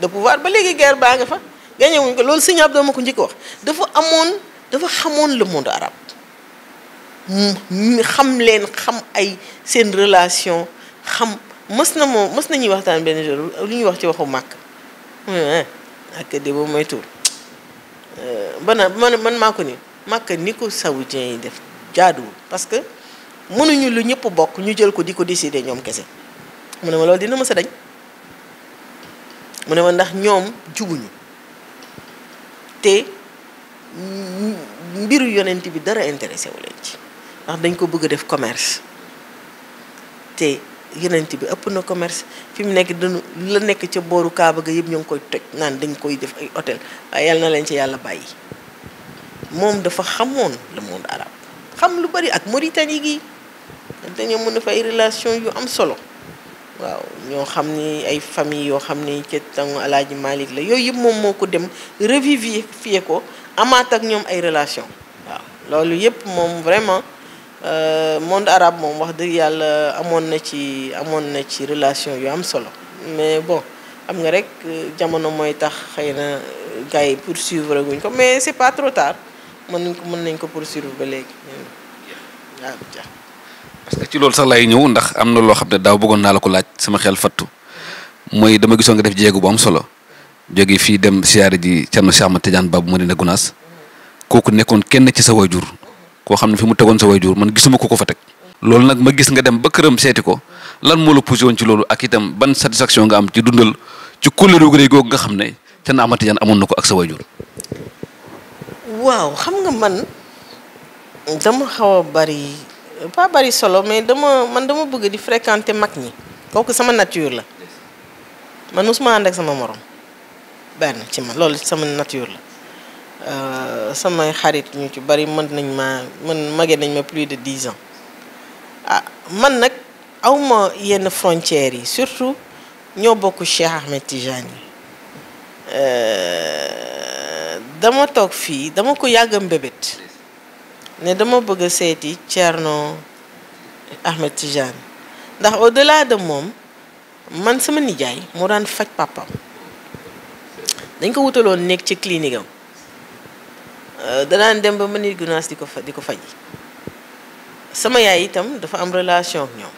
Speaker 3: de pouvoir ba léegi guerre baa nga fa gagné wuñ ko loolu sëñ Abdou ma ko njëkk wax dafa amoon dafa xamoon la monde arabe xam leen xam ay seen relation xam mës na moom mës na nañuy waxtaan benn jour lu ñuy wax ci waxu màkk eh, ak de boobu mooy tur euh, bana man maa ko ni màkk ni ko saoudien yi def jaaduwul parce que mënuñu lu ñëpp bokk ñu jël ko di ko décider ñoom kese mu ne ma loolu dina mësa dañ mu ne ma ndax ñoom jubuñu te mbiru yonent bi dara intéressé wu leen ci ndax dañ ko bëgg def commerce te yonent bi ëpp na commerce fi mu nekk dañu la nekk ca booru kaaba ga yëpp ñu ngi koy toj naan dañ koy def ay hôtel waaye yàlla na leen ci yàlla bàyyi moom dafa xamoon le monde arabe xam lu bari ak Mauritanie gi dañoo mën a fay relation yu am solo waaw ñoo xam ni ay famille yoo xam ni ca tangu alaaji malik la yooyu yëpp moom moo ko dem revivifier ko amaat ak ñoom ay relation waaw loolu yëpp moom vraiment euh, monde arabe moom wax dëgg yàlla amoon na ci amoon na ci relation yu am solo mais bon am nga rek euh, jamono mooy tax xëy na euh, gars yi poursuivre guñ ko mais c'est pas trop tard mën nañ ko mën nañ ko poursuivre ba léegi
Speaker 2: parce que ci lool sax lay ñew ndax am lo xamne daw bëggon na la ko laaj sama xel fattu moy dama gisoon nga def jéggu bu am solo jogi fii dem siyaare di Cerno Cheikh Ahmad Tidiane Babou Madina Gounass koku nekkon kenn ci sa wajur koo xamne fi mu tegoon sa wajur man gisuma ko ko fa tek lool nag ma gis nga dem ba kërëm seeti ko lan mo lu position ci loolu ak itam ban satisfaction nga am ci dundal ci kóllëru gëy gog nga xamne ci na Ahmad Tidiane amoon ak sa wajur
Speaker 3: waaw xam nga man dama xawa bari pas bari solo mais dama man dama bëgg di fréquenter mag ñi kooku sama nature la man mosuma ànd ak sama morom benn ci man loolu sama nature la euh, samay xarit ñu ci bari mën nañ ma mën mage nañ ma plus de dix ans ah man nag awma yenn frontières yi surtout ñoo bokk Cheikh Ahmed Tijani euh, dama toog fii dama ko yàgg mbébét ne dama bëgg a seeti Thierno Ahmed Tidiane ndax au dem moom man sama nijaay moo daan faj papam dañ ko wutaloon nekk ci clinique am euh, danaan dem ba mënit gunaas di ko fa di faj sama yaay itam dafa am relation ak ñoom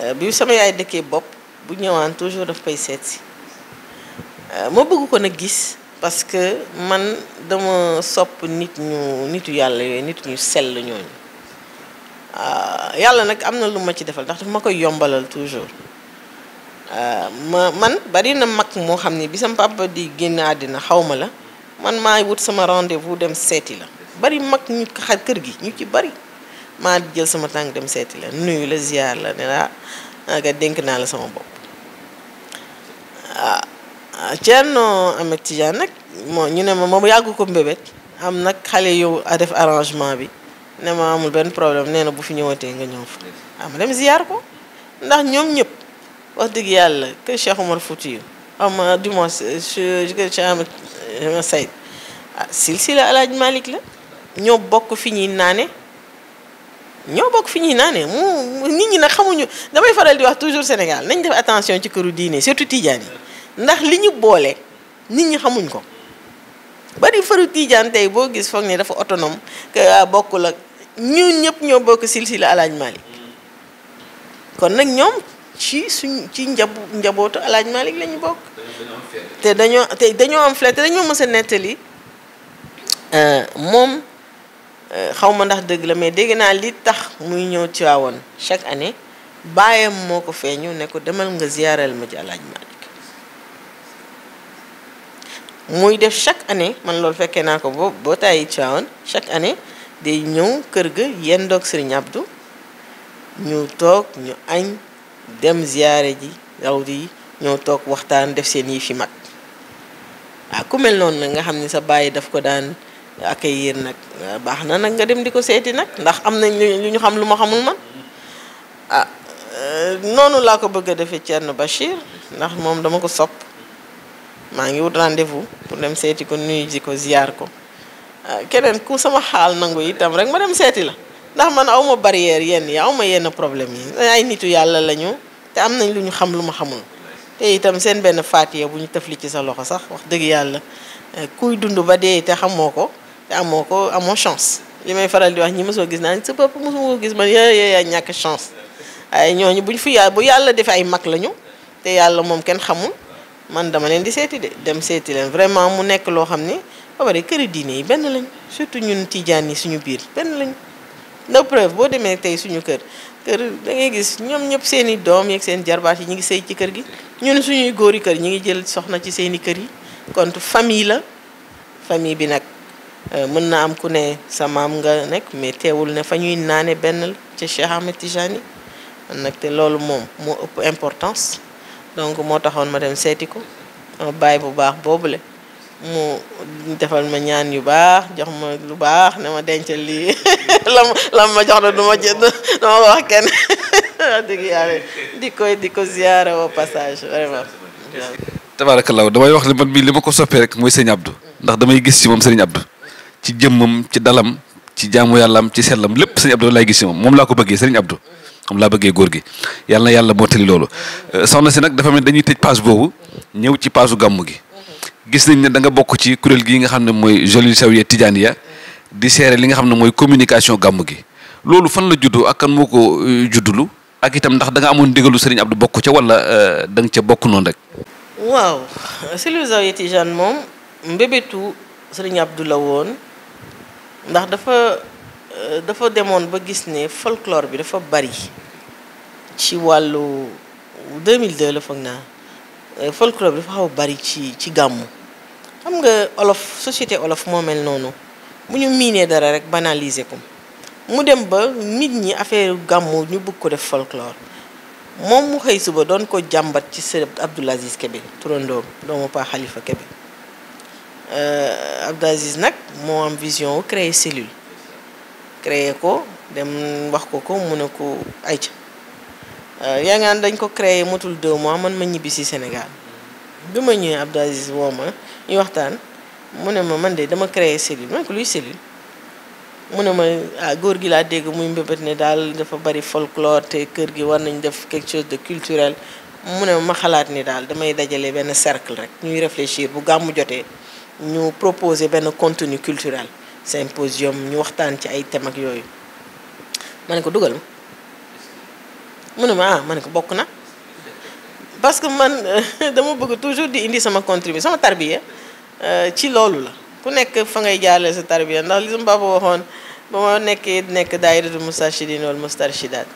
Speaker 3: euh, bi sama yaay dëkkee bopp bu ñëwaan toujours dafa koy seet si euh, ma bëgg ko nag gis parce que man dama sopp nit ñu nitu yàlla yooyu nit ñu sell ñooñu ah, yàlla nag am na lu ma ci defal ndax dafa ma koy yombalal toujours ah, ma man bari na mag moo xam ne bi sama papa di génn àddina xaw ma la man maa wut sama rendez-vous dem seeti la bari mag ñu xar kër gi ñu ci bari maa jël sama tànk dem seeti la nuyu la ziar la ne la ah, nga dénk naa la sama bopp Ah, Thierno Amath Tidiane nag moo ñu ne ma moom yàggu ko mbébét am nag xale yow a def arrangement bi ne ma amul benn problème nee na bu fi ñëwatee nga ñëw fa am ah, dem ziyaar ko ndax ñoom ñëpp wax dëgg yàlla que Cheikh Omar Foutiyou ama ah, du moins Cheikh Amath eh, Sayd ah silsila alaaj Malick la ñoo bokk fi ñuy naane ñoo bokk fi ñuy naane mu nit ñi nag xamuñu damay faral di wax toujours Sénégal nañ def attention ci këru diine surtout Tidiane yi ndax li ñu boole nit ñi xamuñ ko bari faru tiijaan tey boo gis foog ni dafa autonome que ah, bokkul ak ñun ñëpp ñoo bokk silsila alaaj Malik kon nag ñoom ci suñ ci njabu njabootu alaaj Malik la bokk te dañoo dañoo am flet te dañoo mës a nettali euh, moom euh, xaw ma ndax dëgg la mais dégg naa li tax muy ñëw Tiwaawoon chaque année baayam moo ko feeñu ne ko demal nga ziyaaral ma ci alaaj Malik muy def chaque année man loolu fekkee na ko bo bo tay chaawon chaque année day ñew kër ga yendok Serigne Abdou ñu tok ñu añ dem ziaré ji rawdi yi tok waxtaan def seen yi fi mak a ah, ku mel non nga xamni sa baye daf ko daan accueillir nak ah, baxna na nga dem di ko nak ndax am nañ lu ñu xam luma ma xamul man ah euh, nonu la ko bëgg a defee Thierno Bachir ndax mom dama ko sopp maa ngi wut rendez-vous pour dem seeti ko nuyu ji ko ziyaar ko ah, keneen ku sama xaal nangu itam rek ma dem seeti la ndax man aw ma barrière yenn yi aw ma yenn problème yi ay nitu yàlla lañu te am nañ lu ñu xam lu ma xamul te itam seen benn faatiya bu ñu tëfli ci sa loxo sax wax dëgg yàlla eh, kuy dund ba dee te xamoo ko amoo ko amoo chance li may faral di wax ñi mosoo gis naa sa bopp mosuma ko gis man yaa yaa ñàkk chance waaye ñooñu buñ fi yàlla bu yàlla defee ay mag lañu te yàlla moom kenn xamul man dama leen di seeti de dem seeti leen vraiment mu nekk loo xam ne ba pare këri diine yi benn lañ surtout ñun tijaan yi suñu biir benn lañ la preuve boo demee tey suñu kër kër da ngay gis ñoom ñëpp seen i doom yeeg seen jarbaat yi ñu ngi sëy ci kër gi ñun suñuy góori kër ñu ngi jël soxna ci seen i kër yi kont famille la famille bi nag euh, mën na am ku ne sa maam nga nekk mais teewul ne fa ñuy naane benn la ca Cheikh Ahmed nag te loolu moom moo ëpp importance donc moo taxoon ma dem seeti ko euh, baay bu baax boobu le mu defal ma ñaan yu baax jox ma lu baax ne ma dencal lii lam lam ma jox na du ma jënd dama ko wax kenn di koy di ko ziyaara au passage vraiment
Speaker 2: tabaarakallaahu damay wax ne man mii li ma ko soppee rek mooy sëñ Abdou ndax damay gis ci moom sëñ Abdou ci jëmmam ci dalam ci jaamu yàllaam ci sellam lépp sëñ Abdou laay gis ci moom moom laa ko bëggee sëñ Abdou xam la bëggee góor gi yàlla na yàlla mottali loolu euh, soxna si nag dafa mel dañuy tëj paas boobu ñëw ci paasu gàmm gi gis nañ ne da nga bokk ci kuréel gi nga xam ne mooy Sawiya Tidiania di seere li nga xam ne communication gàmm gi loolu fan la juddoo ak kan moo ko euh, juddulu ak itam ndax da nga amoon ndigalu Serigne Abdou bokk ca wala euh, da nga ca bokk noonu rek.
Speaker 3: waaw Joliou Sawiya Tidiane moom mbébétu Serigne Abdou la ndax dafa. Euh, dafa demoon ba gis ne folklore bi dafa bari ci wàllu 2002 la foog naa euh, folklore bi dafa xaw bari ci ci gàmmu xam nga olof société olof moo mel noonu bu ñu miinee dara rek banaliser ko mu dem ba nit ñi affaire gàmmu ñu bugg ko def folklore moom mu xëy suba doon ko jàmbat ci sër Abdoul Aziz Kébé turandoom doomu Pa Khalifa Kébé euh, Abdoul Aziz nag moo am vision créer cellule créé ko dem wax ko ko mu ne ko ayca euh, yaa dañ ko créé mutul deux mois man ma ñibi ci Sénégal bima ñëw abdaziz woma ñu waxtaan mu ne ma man de dama créé cellule ma ne ko luy cellule mu ne ma ah góor gi dégg muy mbébét né dal dafa bari folklore té kër gi war nañ def quelque chose de culturel mu ne ma xalaat ni dal damay dajalé ben cercle rek ñuy réfléchir bu gamu jotee ñu proposer ben contenu culturel symposium ñu waxtaan ci ay thèmes ak yooyu ma ne ko dugal ma mu ne ma ah ma ne ko bokk na parce que man dama bëgg toujours di indi sama contribution sama tarbiya euh, ci loolu la ku nekk fa ngay jaarale sa tarbiya ndax li sama papa waxoon ba ma nekkee nekk daayiratu mustarchidin wal mustarchidat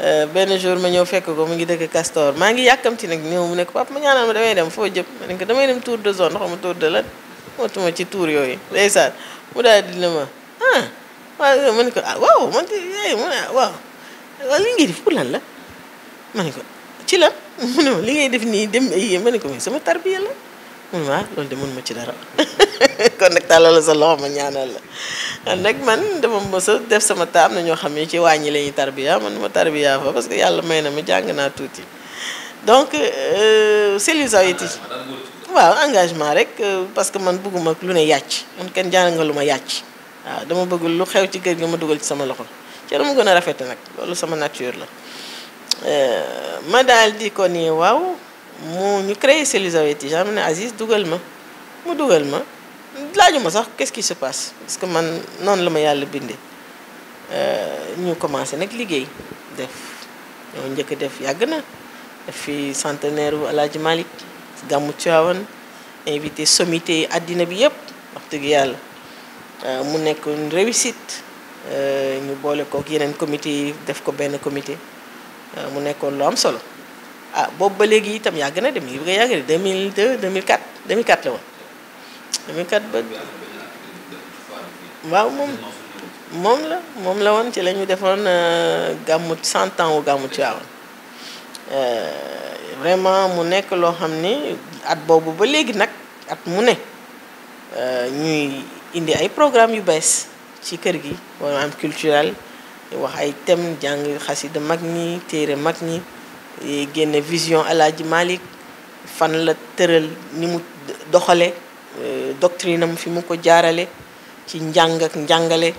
Speaker 3: euh, benn jour ma ñëw fekk ko mu ngi dëkk Castor maa ngi yàkkamti nag ñëw mu nekk papa ma ñaanal ma damay dem foo jëm ma ne ko damay dem tour de zone xaw ma tour tour yooyu mu daal di ma ah waaw ma ko ah waaw man de mu ne waaw waaw li ngay def pour lan la ma ne ko ci lan mu ne ma li ngay def nii dem ay ma ne ko mais sama tarbiya la mu ma ah loolu de mënuma ci dara kon nag tàllala sa loxo ma ñaanal la kon nag man dama ba a def sama taam am na ñoo xam ne ci wàññi la ñuy man ma tarbiya fa parce que yàlla may na ma jàng naa tuuti donc cellule waaw engagement rek euh, parce que man bëgguma lu ne yàcc man kenn jaaral nga lu ma yàcc waaw dama bëgg lu xew ci kër gi ma dugal ci sama loxo ci dama gën a rafete nag loolu sama nature la euh, ma daal di ko nii waaw mu ñu créé si Elisabeth Jean ne Aziz dugal ma mu dugal ma laaju ma sax qu'est-ce qui se passe parce que man noonu la ma yàlla bindee euh, ñu commencé nag liggéey def ñoo njëkk def yàgg na def fi centenaire bu Alaaji Malick gàmmu Tiwaawan invité sommité yi àddina bi yëpp wax dëgg yàlla euh, mu nekk une réussite euh, ñu boole kook yeneen comité def ko ben comité euh, mu nekkoon lu am solo ah boobu ba léegi itam yàgg na dem yi bëgg a yàgg 2002 2004 2004 la 2004 ba waaw moom moom la moom la woon ci la ñu defoon 100 ans wu gàmmu Tiwaawan vraiment mu nekk loo xam ne at boobu ba léegi nag at mu ne euh, ñuy indi ay programme yu bees ci kër gi programme culturel wax ay thème jàng xasida mag ñi téere mag ñi génne vision Alaaji Malick fan la tëral ni mu doxale euh, doctrine am fi mu ko jaarale ci njàng ak njàngale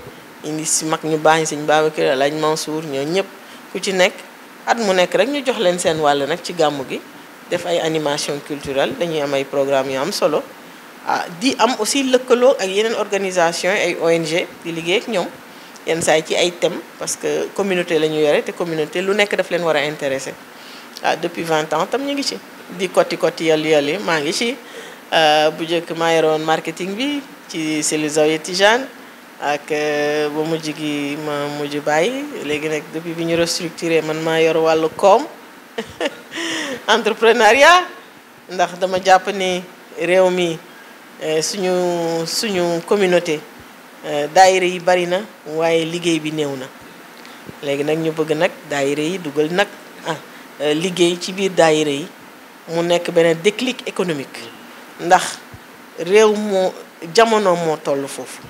Speaker 3: indi si mag ñu baañ sëñ Babacar Alaaji Mansour ñoo ñëpp ku ci nekk at mu nekk rek ñu jox leen seen wàll nag ci gàmmu gi def ay animation culturelle dañuy am ay programme yu am solo ah di am aussi lëkkaloo ak yeneen organisation ay ONG di liggéey ak ñoom yenn saay ci ay thème parce que communauté la ñu yore te communauté lu nekk daf leen war a intéressé ah, depuis 20 ans tam ñu ngi ci di koti koti yàlla yàlla maa ngi ci ah, bu njëkk maa yoroon marketing bi ci cellule Zawiya Tijane ak euh, ba mujj gi ma mujj bàyyi léegi nag depuis bi ñu restructuré man maa yor wàllu koom entrepreneuriat ndax dama jàpp ni réew mi euh, suñu suñu communauté euh, daayira yi bari na waaye liggéey bi néew na léegi nag ñu bëgg nag daayira yi dugal nag ah liggéey ci biir daayira yi mu nekk beneen déclique économique ndax réew moo jamono moo toll foofu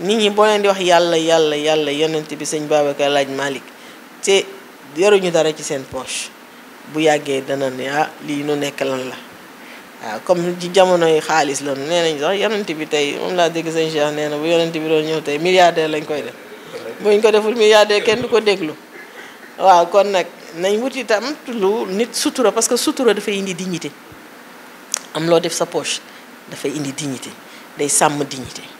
Speaker 3: nit ñi boo leen di wax yàlla yàlla yàlla yonent bi sañ Babacar laaj Malick te yoruñu dara ci seen poche bu yàggee dana ne ah lii nu nekk lan la waaw comme ci jamonoy xaalis la nee nañ sax yonent bi tey moom laa dégg sëñ Cheikh nee na bu yonent bi doon ñëw tey milliardaire lañ koy def buñ ko deful milliardaire kenn du ko déglu waaw kon nag nañ wut itam lu nit sutura parce que sutura dafay indi dignité am loo def sa poche dafay indi dignité day sàmm dignité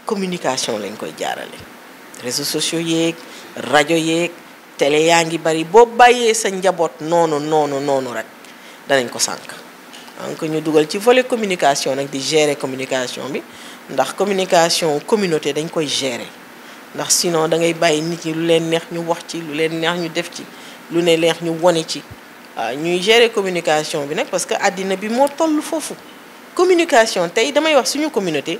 Speaker 3: communication lañ koy jaarale réseaux sociaux télé yaa bari boo bàyyee sa rek ko ñu communication nag di gérer communication bi ndax communication communauté dañ koy gérer sinon da ngay lu leen neex ñu wax ci communication parce que Adina bi communication damay wax suñu communauté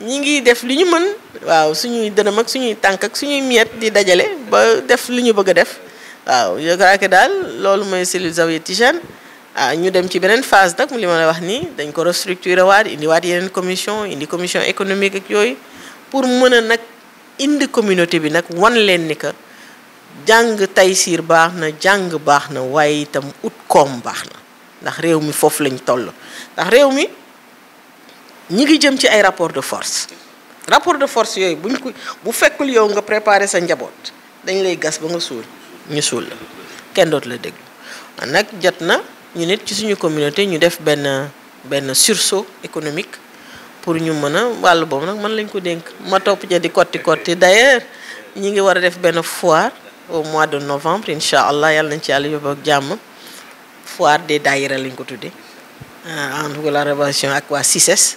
Speaker 3: ñi ngi def li ñu mën waaw suñuy dënam ak suñuy tànk ak suñuy miette di dajale ba def li ñu bëgg a def waaw je daal loolu mooy cellule Zawiya Tijane ah ñu dem ci beneen phase nag li ma la wax nii dañ ko restructurer waat indi waat yeneen commission indi commission économique ak yooyu pour mën a nag indi communauté bi nag wan leen ni que jàng Taysiir baax na jàng baax na waaye itam ut koom baax na ndax réew mi foofu lañ toll ndax réew mi. ñi ngi jëm ci ay rapport de force rapport de force yooyu buñ ko bu fekkul yow nga préparer sa njaboot dañ lay gas ba nga suul ñu suul la kenn dootu la déglu nag jot na ñu nit ci suñu communauté ñu def benn benn sursaut économique pour ñu mën a wàll boobu nag mën lañ ko dénk ma topp ja di kotti kotti d'ailleurs ñi ngi war a def benn foire au mois de novembre incha allah yàlla nañ ci yàlla yóbbu ak jàmm foire de daayira lañ ko tuddee ah, en relation ak waa CICES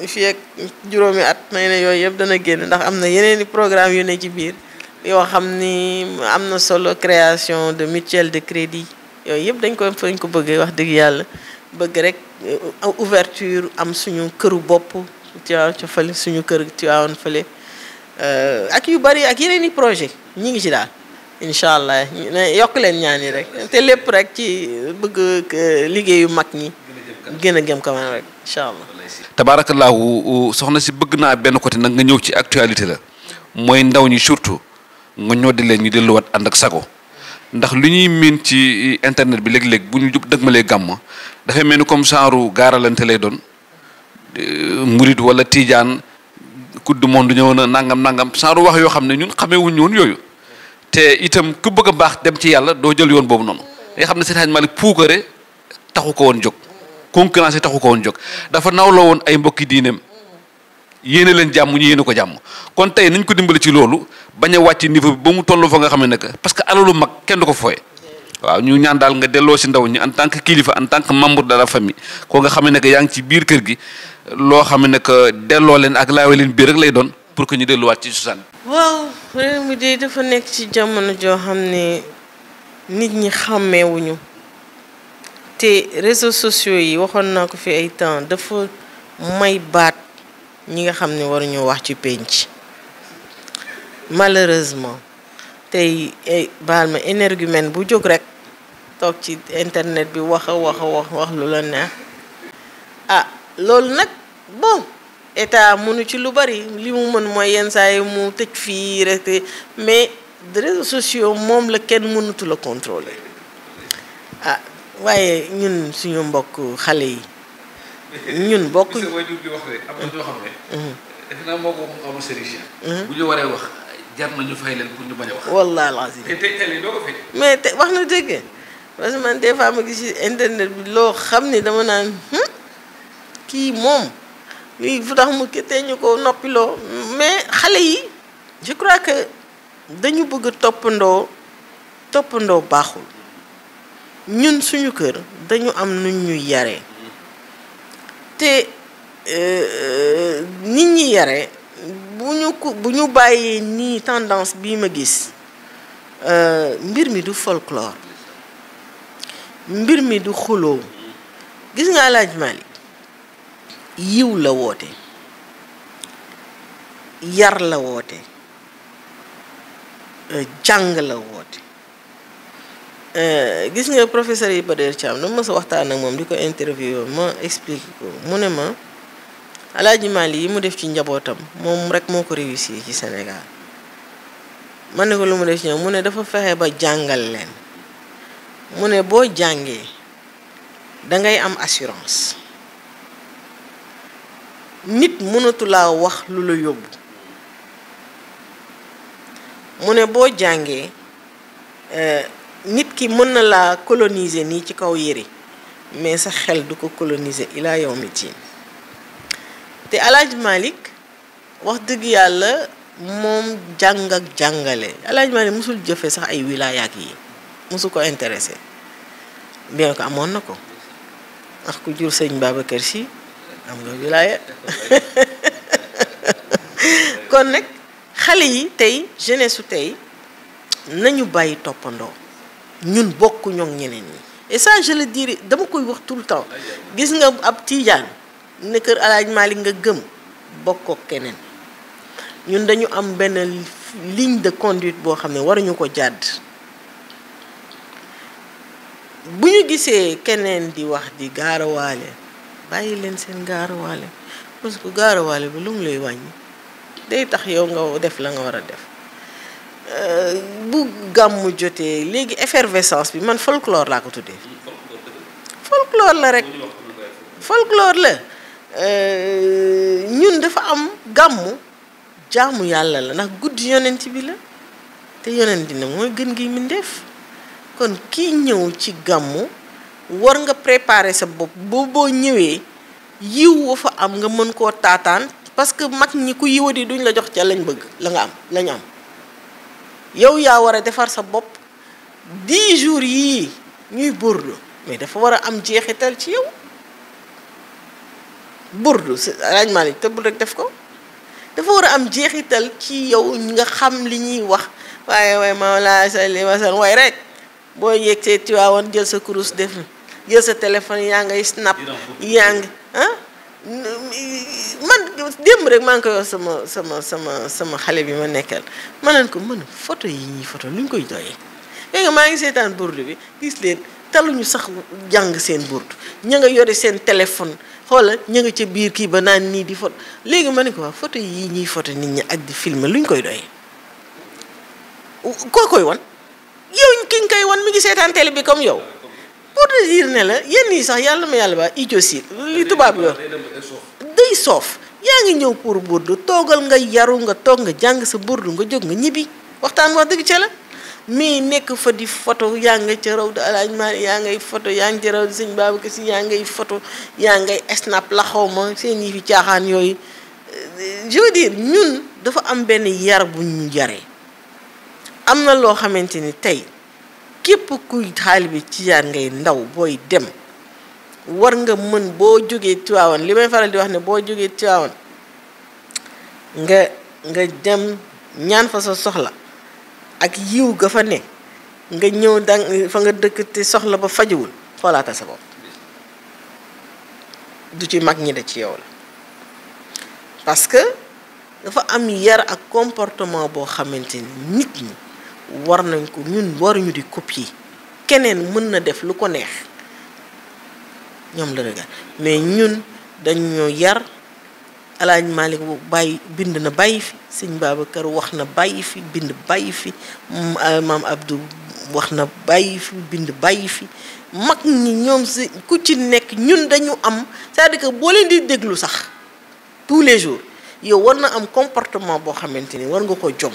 Speaker 3: fii juróomi at may ne yooyu yëpp dana génn ndax am na yeneen i programme yu ne ci biir yoo xam ni am na solo création de mutuelle de crédit yooyu yëpp dañ ko fañ ko bëggee wax dëgg yàlla bëgg rek euh, ouverture am suñu këru bopp tiwaaw ca suñu kër tiwaawoon fële euh, ak yu bari ak yeneen i projet ñi ngi ci daal incha allah ne yokk leen ñaan yi rek te lépp rek ci bëgg euh, liggéeyu mag ñi gën a gëm kaman rek incha allah
Speaker 2: tabaarakallaahu soxna si bëgg naa benn côté nag nga ñëw ci actualité la mooy ndaw ñi surtout nga ñoo di leen ñu delluwaat ànd ak sago ndax lu ñuy miin ci internet bi léeg-léeg bu ñu jub dëgmalee gàmm dafay mel ni comme genre gaaralante lay doon euh, murit wala tiijaan kudd moom du ñëw na nangam nangam genre wax yoo xam ne ñun xameewuñu woon yooyu te itam ku bëgg a baax dem ci yàlla doo jël yoon boobu noonu nga xam ne Seydi Hajji Maalik puukare taxu ko woon jóg concurrence taxu ko woon jóg dafa nawloo woon ay mbokki diineem yéene leen jàmm ñu yéene ko jàmm kon tey nañ ko dimbali ci loolu bañ a wàcc niveau bi ba mu toll fa nga xam ne nag parce que alalu mag kenn ko fooye waaw ñu ñaan daal nga delloo si ndaw ñi en tant kilifa en tant que membre de la famille koo nga xam ne nag yaa ngi ci biir kër gi loo xam ne nag delloo leen ak laawee leen biir rek lay doon pour que ñu delluwaat ci susaan
Speaker 3: waaw réew mi de dafa nekk ci jamono te réseaux sociaux yi waxoon naa ko fi ay temps dafa may baat ñi nga xam ne waruñoo wax ci pénc malheureusement tey eh, baal ma énergumène bu jóg rek toog ci internet bi wax a wax a wax lu la neex ah loolu nag bon état mënu ci lu bari limu mën mooy yenn saay mu tëj fii rek mais réseaux sociaux moom la kenn mënatu la contrôler ah, waaye ñun suñu mbokk xale yi ñun bokk. monsieur
Speaker 2: Wajur di wax de mhm. mhm. ñu waree wax jar na ñu fay leen pour ñu
Speaker 3: mais te wax na dëgg parce que man des ma gis internet bi loo xam ne dama naan hmm, kii moom lii fu tax mu tey ñu ko noppiloo mais xale yi. je crois que dañu bëgg toppandoo toppandoo baaxul. ñun suñu kër dañu am nuñ ñu yare te euh, nit ñi yaree bu ñu ko bu ñu bàyyee nii tendance bii ma gis euh, mbir mi du folklore mbir mi du xuloo gis nga alaaj Malik yiw la woote yar la woote euh, jàng la woote Eh, gis nga professeur yi Badara Thiam dama mës a waxtaan ak moom di ko interview ma explique ko mu ne ma Alaaji Mali yi mu def ci njabootam moom rek moo ko réussir ci Sénégal man ne ko lu mu def ci ñoom mu ne dafa fexe ba jàngal leen mu ne boo jàngee da ngay am assurance nit mënatu wax lu la yóbbu mu ne boo jàngee. Eh, nit ki mën na laa coloniser nii ci kaw yére mais sax xel du ko coloniser ilaa yow mi tiin te Alaaji Malick wax dëgg yàlla moom jàng ak jàngale Alaaji Malick mosul jëfe sax ay wilaayaak yi mosu ko intéressé bien que amoon na ko ndax ku jur sëñ kër Si am nga wilaaya kon nag xale yi tey jeunesse su tey nañu bàyyi toppandoo ñun bokk ñoog ñeneen ñi et ça je le dirai dama koy wax tout le gis nga ab tiijaan ne kër alaaj Malick nga gëm bokkook keneen ñun dañu am benn ligne de conduite boo xam ne war waruñu ko jàdd bu ñu gisee keneen di wax di gaarawaale bàyyi leen seen gaarawaale parce que gaarawaale bi lu mu lay wàññi day tax yow nga def la nga war a def Euh, bu gàmmu jotee léegi effervescence bi man folklore laa ko tuddee. folklore la rek. folklore la euh, ñun dafa am gàmmu jaamu yàlla la ndax guddi yonent bi la te yonent dina mooy gën gi mindeef kon kii ñëw ci gàmmu war nga préparer sa bopp boo boo ñëwee yiw wa fa am nga mën koo taataan parce que mag ñi ku di duñ la jox ca lañ bëgg la nga am lañu am. yow yaa war a defar sa bopp dix jours yii ñuy burdu mais dafa war a am jeexital ci yow burdu si arrangement lañ tëbbul rek def ko dafa war a am jeexital ci yow nga xam li ñuy wax waaye waaye Mawla salli wa sallam waaye rek boo yegg see Tiwaawan jël sa kurus def jël sa téléphone yaa ngay snap yaa ngi ah. man démb rek maa ngi koy wax sama sama sama sama xale bi ma nekkal ma naan ko mën photo yi ñuy photo luñ koy doyee léegi maa ngi seetaan burdu bi gis leen taluñu sax jàng seen burdu ña nga yore seen téléphone xoola ña nga ca biir kii ba naan nii di photo léegi ma ne ko waa photo yi ñuy photo nit ñi ak di filmer luñ koy doyee koo koy wan yow ki nga koy wan mi ngi seetaan télé bi comme yow pour te dire ne la yenn yi sax yàlla ma yàlla ba ijo si li tubaab yo day sof yaa ngi ñëw pour burdu toogal nga yaru nga toog ya nga jàng sa burdu nga jóg nga ñibbi waxtaan wax dëgg ca la mais nekk fa di photo yaa ngay ca raw alaaj maan yaa ngay photo yaa ngi ca raw Si yaa ngay photo yaa ngay snap la xaw seen yi fi caaxaan yooyu je veux dire ñun dafa am yar bu ñu yaree am na loo xamante képp kuy taalibe Tijaan ngay ndaw booy dem war nga mën boo jógee Tiwaawan li may faral di wax ne boo jógee Tiwaawan nga nga dem ñaan fa sa soxla ak yiw ga fa ne nga ñëw dang fa nga dëkk te soxla ba fajewul xoolaatal sa bopp du ci mag ñi de ci yow la parce que dafa am yar ak comportement boo xamante ni nit ñi war nañ ko ñun ñu di copier keneen mën na def lu ko neex ñoom la ragal mais ñun dañoo yar alaaj Malick bàyyi bind na bàyyi fi sëñ Babacar wax na bàyyi fi bind bàyyi fi mm, maam Abdou wax na bàyyi fi bind bàyyi fi mag ñi ñoom si ku ci nekk ñun dañu am c'est-à-dire que boo leen di déglu sax tous les jours yow war na am comportement boo xamante ni war nga ko jomb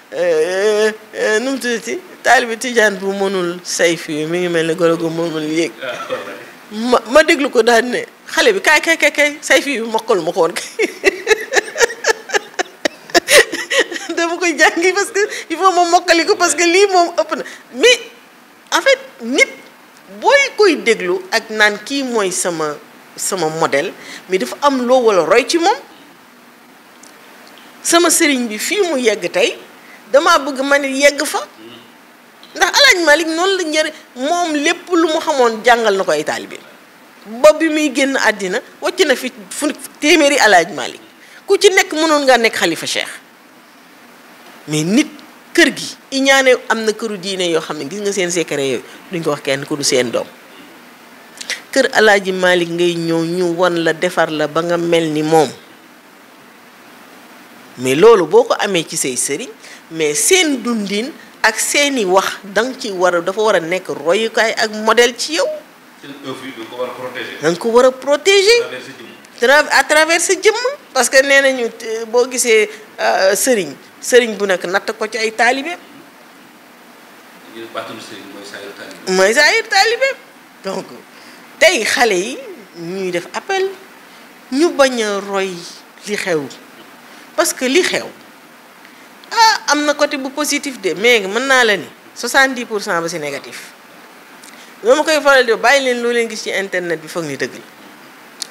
Speaker 3: Eh, eh, eh, nu mu tuddati taalibi tijaan bu mënul sayfi yi mi ngi mel ne golo gu mënul yéeg ma ma déglu ko daal ne xale bi kay kay kay kay sayfi bi mokkal ma ko woon kay dama koy jàngi parce que il faut ma mokkali ko parce que lii moom ëpp na mais en fait nit booy koy déglu ak naan kii mooy sama sama modèle mais dafa am loo wala roy ci moom sama sëriñ bi fii mu yegg tey damaa bëgg man yegg fa ndax alaaj malik noonu la njëriñ moom lépp lu mu xamoon jàngal na ko ay taalibe ba bi muy génn àddina wàcc na fi fu téeméeri alaaj malik ku ci nekk mënoon nga nekk xalifa cheikh mais nit kër gi iñaane am na këru diine yoo xam ne gis nga seen secret yooyu duñ ko wax kenn ku du seen doom kër alaaji malik ngay ñëw ñu wan la defar la ba nga mel ni moom mais loolu boo ko amee ci say sëriñ mais seen dundin ak seeni wax da nga ci war dafa war a nekk royukaay ak modèle ci yow.
Speaker 2: seen da nga
Speaker 3: ko war a protéger. da à travers sa jëmm. parce que nee nañu boo gisee euh, sëriñ sëriñ bu nekk natt ko ci ay taalibe. mooy saayir taalibe donc tey xale yi ñuy def appel ñu bañ a roy li xew parce que li xew. ah am na côté bu positif de mais mën 70 pour ba si négatif ñoo ma koy faral di bàyyi leen loo leen internet bi foog ni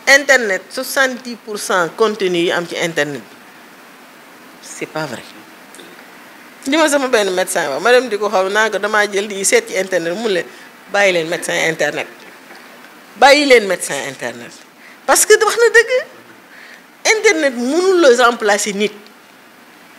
Speaker 3: internet 70 contenu am ci internet c'est pas vrai li ma sama benn médecin wax ma dem di ko xool naa ko jël di seet ci internet mu leen bàyyi médecin internet bàyyi leen médecin internet parce que wax na dëgg internet mënul pas remplacer nit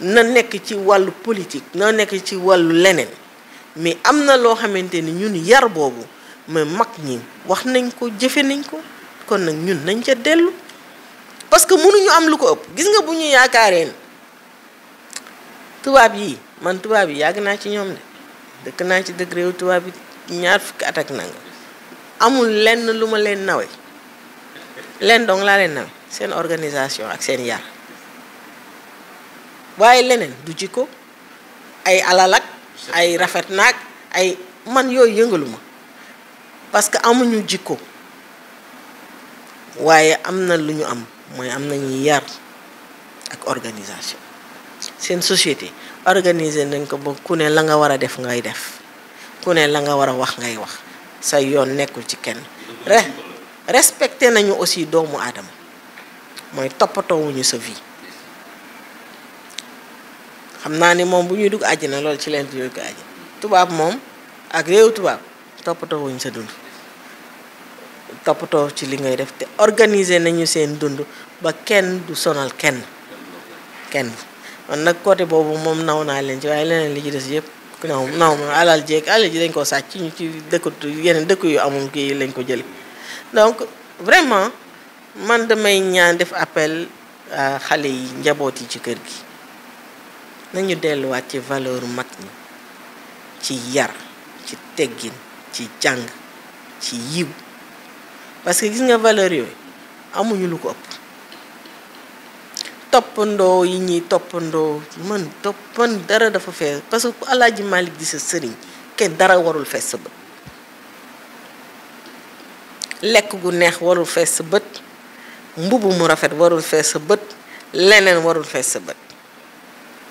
Speaker 3: na nekk ci wàllu politique na nekk ci wàllu leneen mais am na loo xamante ni ñun yar boobu mais mag ñi wax nañ ko jëfe nañ ko kon nag ñun nañ ca dellu parce que mënuñu am lu ko ëpp gis nga bu ñu yaakaaree ne tubaab yi man tubaab yi yàgg naa ci ñoom de dëkk naa ci dëkk réew tubaab yi ñaar fukki at ak nanga amul lenn lu ma leen nawe leen dong laa leen nawe seen organisation ak seen yar waaye leneen du jikko ay alal ak ay rafet naag ay man yooyu yëngalu ma parce que amuñu jikko waaye am na lu ñu am mooy am nañuy yar ak organisation seen société organiser nañ ko ba ku ne la nga war a def ngay def ku ne la nga war a wax ngay wax sa yoon nekkul ci kenn re nañu aussi doomu aadama mooy toppatoowuñu sa vie xam naa ni moom bu ñuy dugg na loolu ci leen di yóbbu àjjana tubaab moom ak réew tubaab toppatoo wuñ sa dund toppatoo ci li ngay def te organiser nañu seen dund ba kenn du sonal kenn kenn man nag côté boobu moom naw naa leen ci waaye leneen li ci des yëpp naw naw ma alal jeeg alal ji dañ koo sàcc ñu ci dëkk yeneen dëkk yu amul kii lañ ko jële donc vraiment man damay ñaan def appel xale yi njaboot yi ci kër gi nañu delluwaat ci valeur mag ñi ci yar ci teggin ci jàng ci yiw parce que gis nga valeur yooyu amuñu lu ko ëpp toppandoo yi ñuy toppandoo man topp dara dafa fees parce que ku malik di sa sëriñ kenn dara warul fees sa bët lekk gu neex warul fees sa bët mbubu mu rafet warul fees sa bët warul fees sa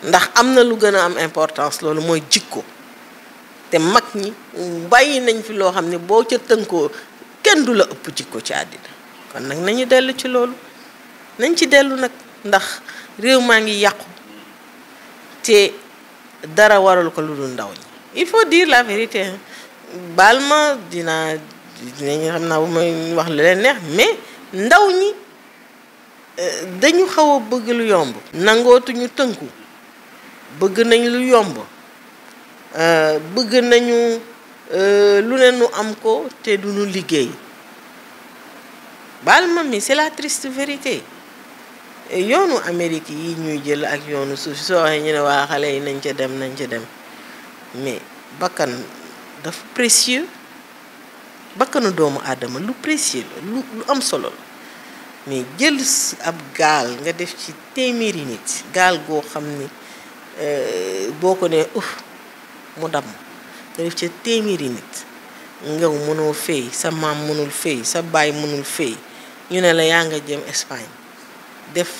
Speaker 3: ndax am na lu gën a am importance loolu mooy jikko te mag ñi bàyyi nañ fi loo xam ne boo ca tënkoo kenn du la ëpp jikko ci àddina kon nag nañu dellu ci loolu nañ ci dellu nag ndax réew maa ngi yàqu te dara waral ko lu dul ndaw ñi il faut diir la vérité baal ma dinaa dinañ xam naa bu may wax lu leen neex mais ndaw ñi euh, dañu xaw a bëgg lu yomb nangootuñu tënku bëgg nañ lu yomb euh, bëgg nañu euh, lu ne nu am ko te du nu liggéey baal ma mi c'est la triste vérité yoonu Amérique yi ñuy jël ak yoonu suuf soo waxee ñu ne waa xale yi nañ ca dem nañ ca dem mais bakkan dafa précieux bakkanu doomu aadama lu précieux la lu lu am solo la mais jël ab gaal nga def ci téeméeri nit gaal goo xam ni Euh, boo ko nee uf mu dam nga def ca téeméeri nit ngaw mënoo fay sa maam mënul fay sa baay mënul fay ñu ne la yaa nga jëm Espagne def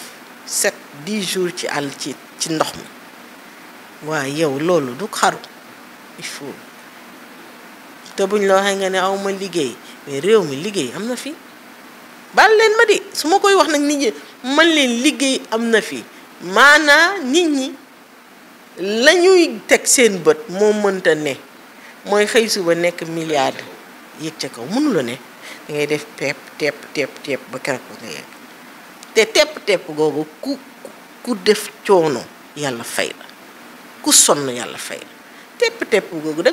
Speaker 3: sept di jours ci àll ci ndox mi waa yow loolu du xaru il faut buñ la waxee nga ne aw ma liggéey mais réew mi liggéey am na fi baal leen ma de su ma koy wax nag nit ñi man leen liggéey am na fi maanaa nit ñi la ñuy teg seen bët moo mënta ne mooy xëy suba nekk milliard yëg ca kaw mënula ne dangay def tepp tepp ba keroog ba nga te tepp tepp googu ku def coono yàlla fay la ku sonn yàlla fay la tepp tepp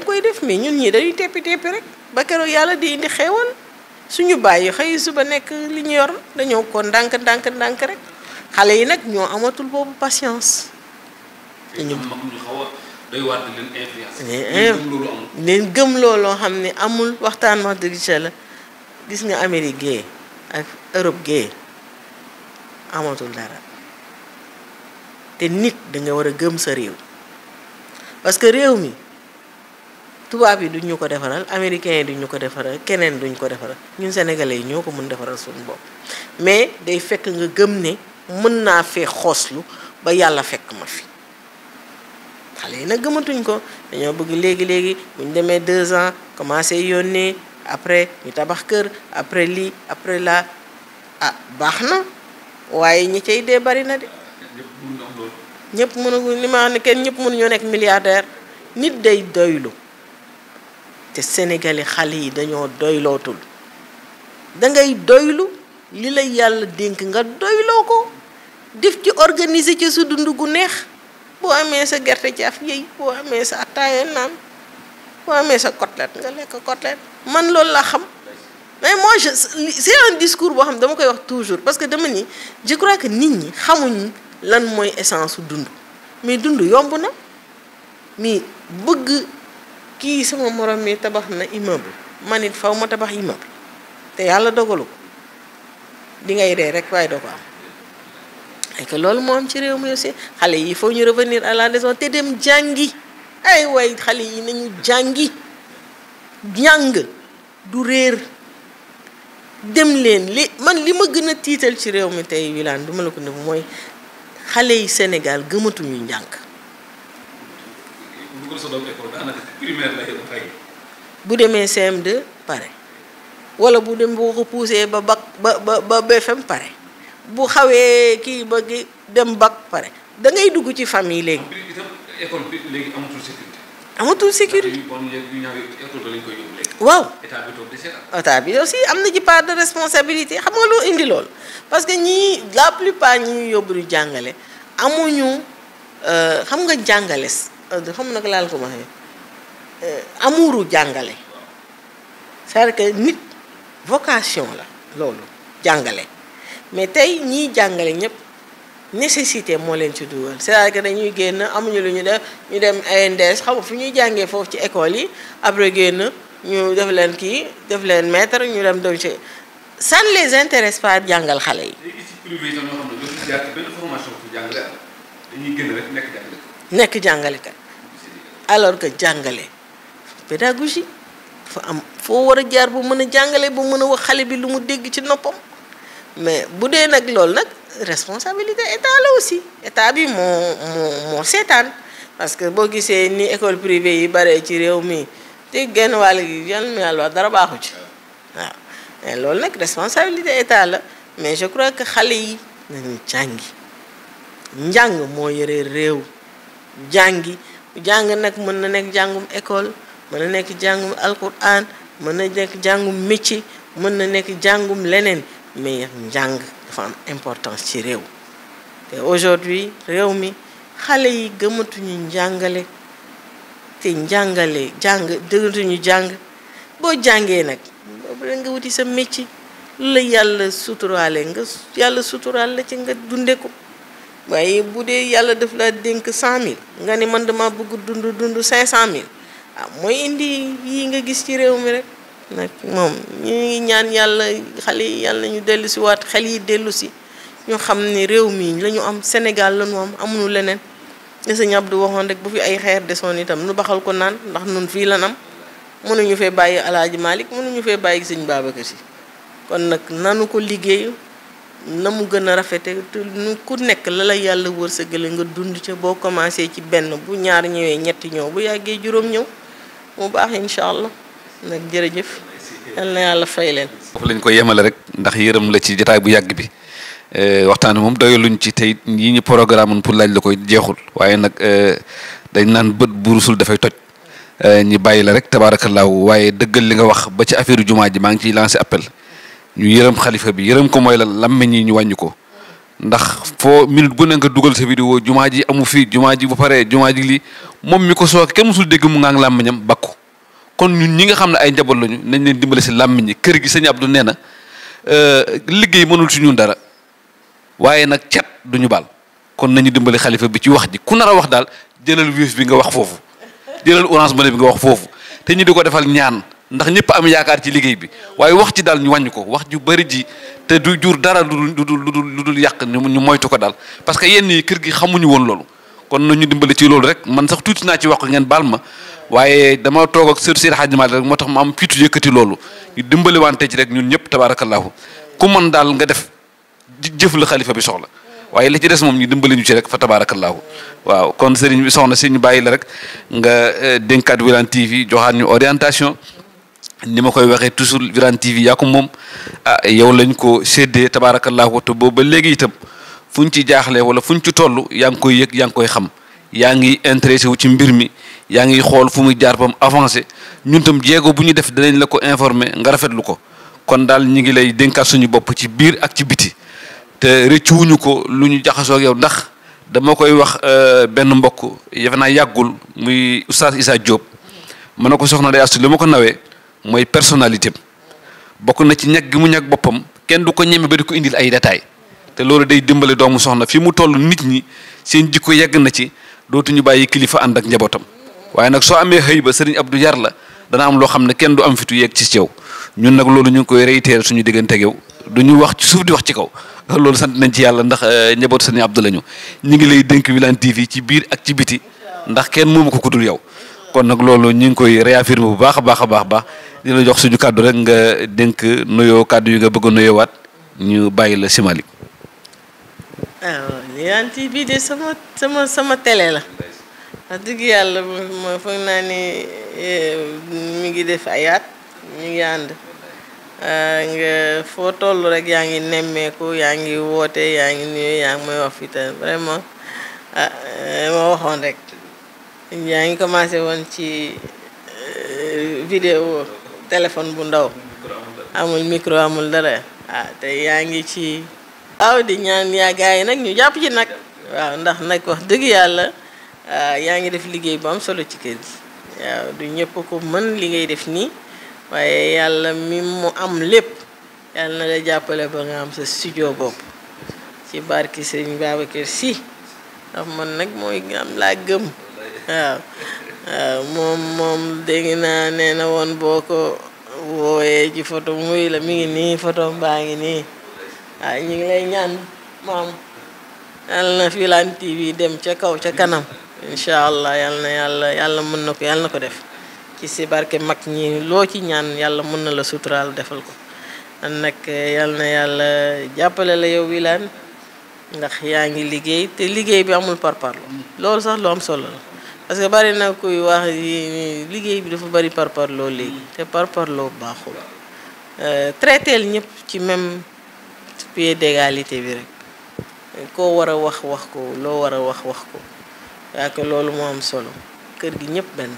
Speaker 3: koy def mais ñun ñi dañuy teppi teppi rek ba keroog yàlla di indi xeewal suñu bàyyi xëy suba nekk li ñu yor dañoo ko ndànk ndànk ndànk rek xale yi nag ñoo amatul boobu patience.
Speaker 1: te ñu
Speaker 2: day war di
Speaker 3: leen gëm looloo xam ne amul waxtaan wax dëgg ci la gis nga Amérique gee ak Europe gee amatul dara te nit da war a gëm sa réew parce que réew mi tubaab yi duñ ñu ko defaral américains yi duñ ko defaral keneen duñ ko defaral ñun sénégalais yi ñoo ko mun defaral suñu bopp mais day fekk nga gëm ne mën naa fee xooslu ba yàlla fekk ma fi. xale yi nag gëmatuñ ko dañoo bëgg léegi léegi bu ñu demee deux ans commencé yónnee après ñu tabax kër après lii après la ah baax na waaye ñi cay dee bari na de. ñëpp mënaguñ li ma ne kenn ñëpp mënuñoo nekk milliardaire nit day doylu te Sénégalais xale yi dañoo doylootul da doylu li la yàlla dénk nga doyloo ko def ci organiser ci su dund gu neex. boo amee sa gerte caaf yëy boo amee sa attaaya naan boo amee sa côtelette nga lekk côtelette man loolu laa xam mais moi je c'est un discours boo xam dama koy wax toujours parce que dama ni je crois nit ñi xamuñ lan mooy essence dund mais dund yomb na mais bëgg kii sama morom mi tabax na immeuble man it faw ma tabax immeuble te yàlla dogalu ko di ngay dee rek waaye doo ko am et que loolu moo am ci réew mi aussi xale yi il ñu revenir à la raison te dem jàngi ay way xale yi nañu jàngi njàng du réer dem leen li man li ma gën a tiital ci réew mi tey wilaan du ma la ko nëbb mooy xale yi Sénégal gëmatuñu njàng. bu demee CM2 pare wala bu dem boo ko poussé ba bac ba ba ba BFM pare. bu xawee kii bëgg dem ba pare da dugg ci famille léegi. école bi amatul sécurité. waaw état bi aussi am na ci part de responsabilité xam nga loo indi lool parce que ñii la plupart ñi ñu yóbbu ñu jàngale amuñu euh, xam nga jàngale euh, xam nag laal ko waxee euh, amuru jàngale cest à nit vocation la loolu jàngale. mais tey ñii jàngale ñëpp nécessité moo leen ci dugal c'est-à-dire dañuy génn amuñu lu ñu def ñu dem ANDS xam fu ñuy jàngee foofu ci école yi après génn ñu def leen kii def leen maître ñu dem doon ci ça les intéresse pas jàngal xale yi. nekk ka alors que jàngale pédagogie dafa am foo war a jaar bu mën a jàngale bu mën a wax xale bi lu mu dégg ci noppam. mais bu dee nag loolu nag responsabilité état la aussi état bi moo moo moo seetaan parce que boo gisee ni école privée yi baree ci réew mi te genn wàll gi yal na yàlla dara baaxu ci waaw mais loolu nag responsabilité état la mais je crois que xale yi nañu jàngi njàng moo yore réew jàngi jàng nag mën na nekk jàngum école mën na nekk jàngum alquran mën na nekk jàngum métier mën na nekk jàngum leneen mais njàng dafa am importance ci réew te aujourd'hui réew mi xale yi gëmatuñu njàngale te njàngale jàng dëggatuñu jàng boo jàngee nag boobu la nga wuti sa métier lu la yàlla suturaale nga yàlla suturaal la ci nga dunde ko waaye bu dee yàlla daf la dénk cent mille nga ne man dama bëgg dund dund cinq cent mille ah mooy indi yi nga gis ci réew mi rek nag moom ñu ngi ñaan yàlla xale yi yàlla ñu dellu si waat xel yi dellusi si ñu xam ni réew mi la am Sénégal la ñu am amuñu leneen li sëñ Abdou waxoon rek bu fi ay xeer desoon itam nu baxal ko naan ndax nun fii lan am mënuñu fee bàyyi alaaji Malick mënuñu fee bàyyi sëñ Babacar Si kon nag nanu ko liggéey na mu gën a rafete te nu ku nekk lala la yàlla wërsëgale nga dund ca boo commencé ci benn bu ñaar ñëwee ñetti ñëw bu yàggee juróom ñëw mu baax incha allah nag jërëjëf yàlla fay leen.
Speaker 2: foofu lañ ko yemale rek ndax yërëm la ci jotaay bu yàgg bi eh, waxtaan moom doyaluñ ci tey yi ñu programme pour laaj la koy jeexul waaye nag eh, dañ naan bët bu rusul dafay toj eh, ñi bàyyi la rek tabaarakallaahu waaye dëggal li nga wax ba ci affaire jumaa ji maa ngi ciy lancé appel ñu yërëm xalifa bi yërëm ko mooy la làmmiñ yi ñu wàññi ko. ndax foo minute bu ne nga dugal sa vidéo jumaa ji amu fii jumaa ji bu paree jumaa ji lii moom mi ko soog kenn musul dégg mu ngaa ngi làmmiñam kon ñun ñi nga xam ne ay njaboot lañu nañ leen dimbale si làmmiñ ñi kër gi sëñ Abdou nee na euh, liggéey mënul ci ñun dara waaye nag cet duñu bal kon nañu dimbale xalifa bi ci wax ji ku nar a wax daal jëlal wiif bi nga wax foofu jëlal orange money bi nga wax foofu te ñu di ko defal ñaan ndax ñëpp am yaakaar ci liggéey bi waaye wax ci daal ñu wàññi ko wax ju bari ji te du jur dara lu dul lu dul lu dul yàq ñu moytu ko daal parce que yenn yi kër gi xamuñu woon loolu kon ñu dimbali ci loolu rek man sax tuuti naa ci wax ngeen baal ma waaye dama toog ak sër sër Xaaji Maalik rek moo tax ma am fiitu yëkkati loolu ñu dimbali wante ci rek ñun ñëpp tabaarakallaahu ku mën daal nga def jëf la xalifa bi soxla waaye li ci des moom ñu dimbali ñu ci rek fa tabaarakallaahu waaw kon sëriñ bi soxna si ñu bàyyi la rek nga euh, dénkaat Wilane TV joxaat ñu orientation ni ma koy waxee toujours Wilane TV yaa ko moom ah yow lañ ko séddee tabaarakallaahu te boobu ba léegi itam fu ñu ci jaaxlee wala fu ñu ci toll yaa ngi koy yëg yaa ngi koy xam yaa ngi intéressé wu ci mbir mi yaa ngi xool fu muy jaar bam avancé ñun tam jéego bu ñu def danañ la ko informer nga rafetlu ko kon daal ñu ngi lay dénkaat suñu bopp ci biir ak ci biti te rëccuwuñu ko lu ñu jaxasoo ak yow ndax dama koy wax euh, benn mbokk yafe naa yàggul muy oustaz Issa Diop mën na ko soxna day astu li ma ko nawee mooy personnalité bokk na ci ñag gi mu ñag boppam kenn du ko ñeme ba ko indil ay détails te loolu day dimbale doomu soxna fi mu toll nit ñi seen jikko yegg na ci dootuñu bàyyi kilifa ànd ak njabootam waaye nag soo amee xëy ba sëriñ Abdou yar la dana am loo xam ne kenn du am fitu yeeg ci si yow ñun nag loolu ñu ngi koy réitérer suñu diggante yow du ñu wax ci suuf di wax ci kaw loolu sant nañ ci yàlla ndax euh, njabootu sëriñ Abdou lañu ñu ngi lay dénk Wilane TV ci biir ak ci kenn moomu ko kudul yow kon nag loolu ñu ngi koy réaffirmer bu baax a baax a baax baax di la jox suñu kàddu rek nga dénk nuyoo kàddu yi nga bëgg a waat ñu bàyyi la simali
Speaker 3: waaw Liyane TV de sama sama sama télé la. wax dëgg yàlla ma foog naa ni eh, mi ngi def ay at mi ngi ànd ah, nga foo toll rek yaa ngi nemmeeku yaa ngi woote yaa ngi nuyu yaa ngi may wax fii tam vraiment ah eh, waxoon rek yaa ngi commencé woon ci eh, vidéo téléphone bu ndaw amul micro amul dara ah, te yaa ngi ci aw di ñaan yaa gars yi nag ñu jàpp ji nag waaw ndax nag wax dëgg yàlla ah, yaa ngi def liggéey bu am solo ci kër gi waaw du ñëpp ko mën li ngay def nii waaye yàlla mi mu am lépp yàlla na la jàppale ba nga am sa studio bopp ci barki sëriñ Babacar si ndax man nag mooy am laa gëm waaw waaw moom moom dégg nee na woon boo ko wooyee ci photo muy la ngi nii photo baa ngi nii waaye ñu ngi lay ñaan maam yàlla na Filaan TV dem ca kaw ca kanam incha allah yàlla na yàlla yàlla mën na ko yàlla na ko def ci si barke mag ñi loo ci ñaan yàlla mën na la suturaal defal ko an nag yàlla na yàlla jàppale la yow wilaan ndax yaa ngi liggéey te liggéey bi amul par parparlo loolu sax lu am solo la parce que bari na kuy wax liggéey bi dafa bari parparloo léegi mm. te parparloo baaxul euh, traiteel ñëpp ci même pied d'égalité bi rek koo war a wax wax ko loo war a wax wax ko yaa ko loolu moo am solo kër gi ñëpp benn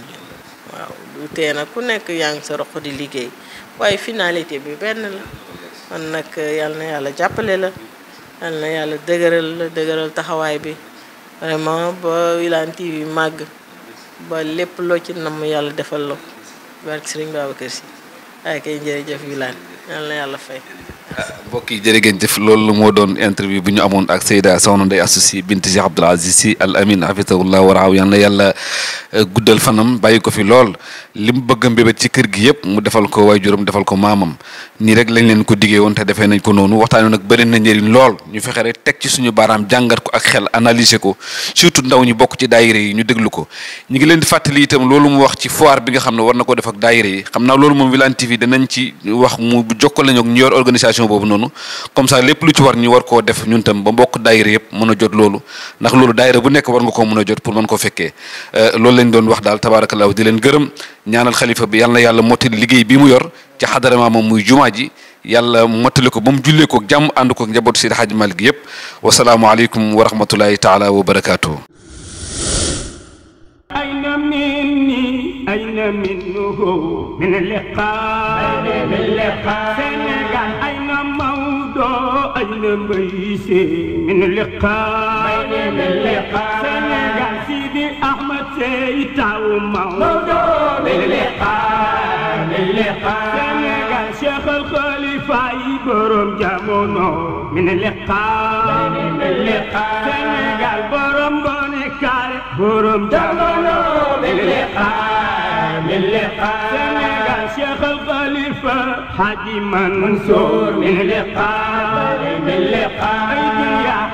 Speaker 3: waaw du tee nag ku nekk yaa ngi sa roq di liggéey waaye finalité bi benn la man nag yal na yàlla jàppale la yal na yàlla dëgëral la dëgëral taxawaay bi vraiment ba Wilane TV màgg ba lépp loo ci namm yàlla defal la ko barke Sëriñ Babacar Si waaye kay jërëjëf Wilane yàlla yàlla fay.
Speaker 2: mbokk yi jërëjëf loolu moo doon interview bi ñu amoon ak Seyda Soxna Ndeye Astou Sy bint Cheikh Abdoul Aziz Sy Al Amine hafisahullah waraaw yal na yàlla euh, guddal fanam bàyyi ko fi lool li mu bëgg mbébét ci kër gi yëpp mu defal ko waajuram defal ko maamam nii rek lañ leen ko diggee woon te defee nañ ko noonu waxtaan nag bëri na njëriñ lool ñu fexe rek teg ci suñu baaraam jàngat ko ak xel analyser ko surtout ndaw ñu bokk ci daayira yi ñu déglu ko ñu ngi leen di fàttali itam loolu mu wax ci foire bi nga xam ne war na ko def ak daayira jokkoo lañu ak ñu yor organisation boobu noonu comme ça lépp lu ci war ñu war ko def ñun tam ba mbokk daayira yëpp mën a jot loolu ndax loolu daayira bu nekk war nga koo mën a jot pour mën ko fekkee euh, loolu lañ doon wax daal tabaarakallaahu di leen gërëm ñaanal xalifa bi yàlla yàlla mottali liggéey bi mu yor ci xadara maamam muy jumaa ji yàlla mottali ko ba mu jullee ko jàmm ànd ko njabootu Seydi Hadji Malick yëpp wasalaamualeykum wa rahmatulahi taala wa barakaatuhu
Speaker 1: من اللقاء من اللقاء سنغال أين موضوع أين بيسي من اللقاء من اللقاء سنغال سيدي أحمد سيتاو موضوع من اللقاء من اللقاء سنغال شيخ الخليفة برم جامونو من اللقاء من اللقاء سنغال برم بوني كاري برم جامونو من اللقاء لقاء سمع شيخ الخليفة حدي منصور من لقاء من لقاء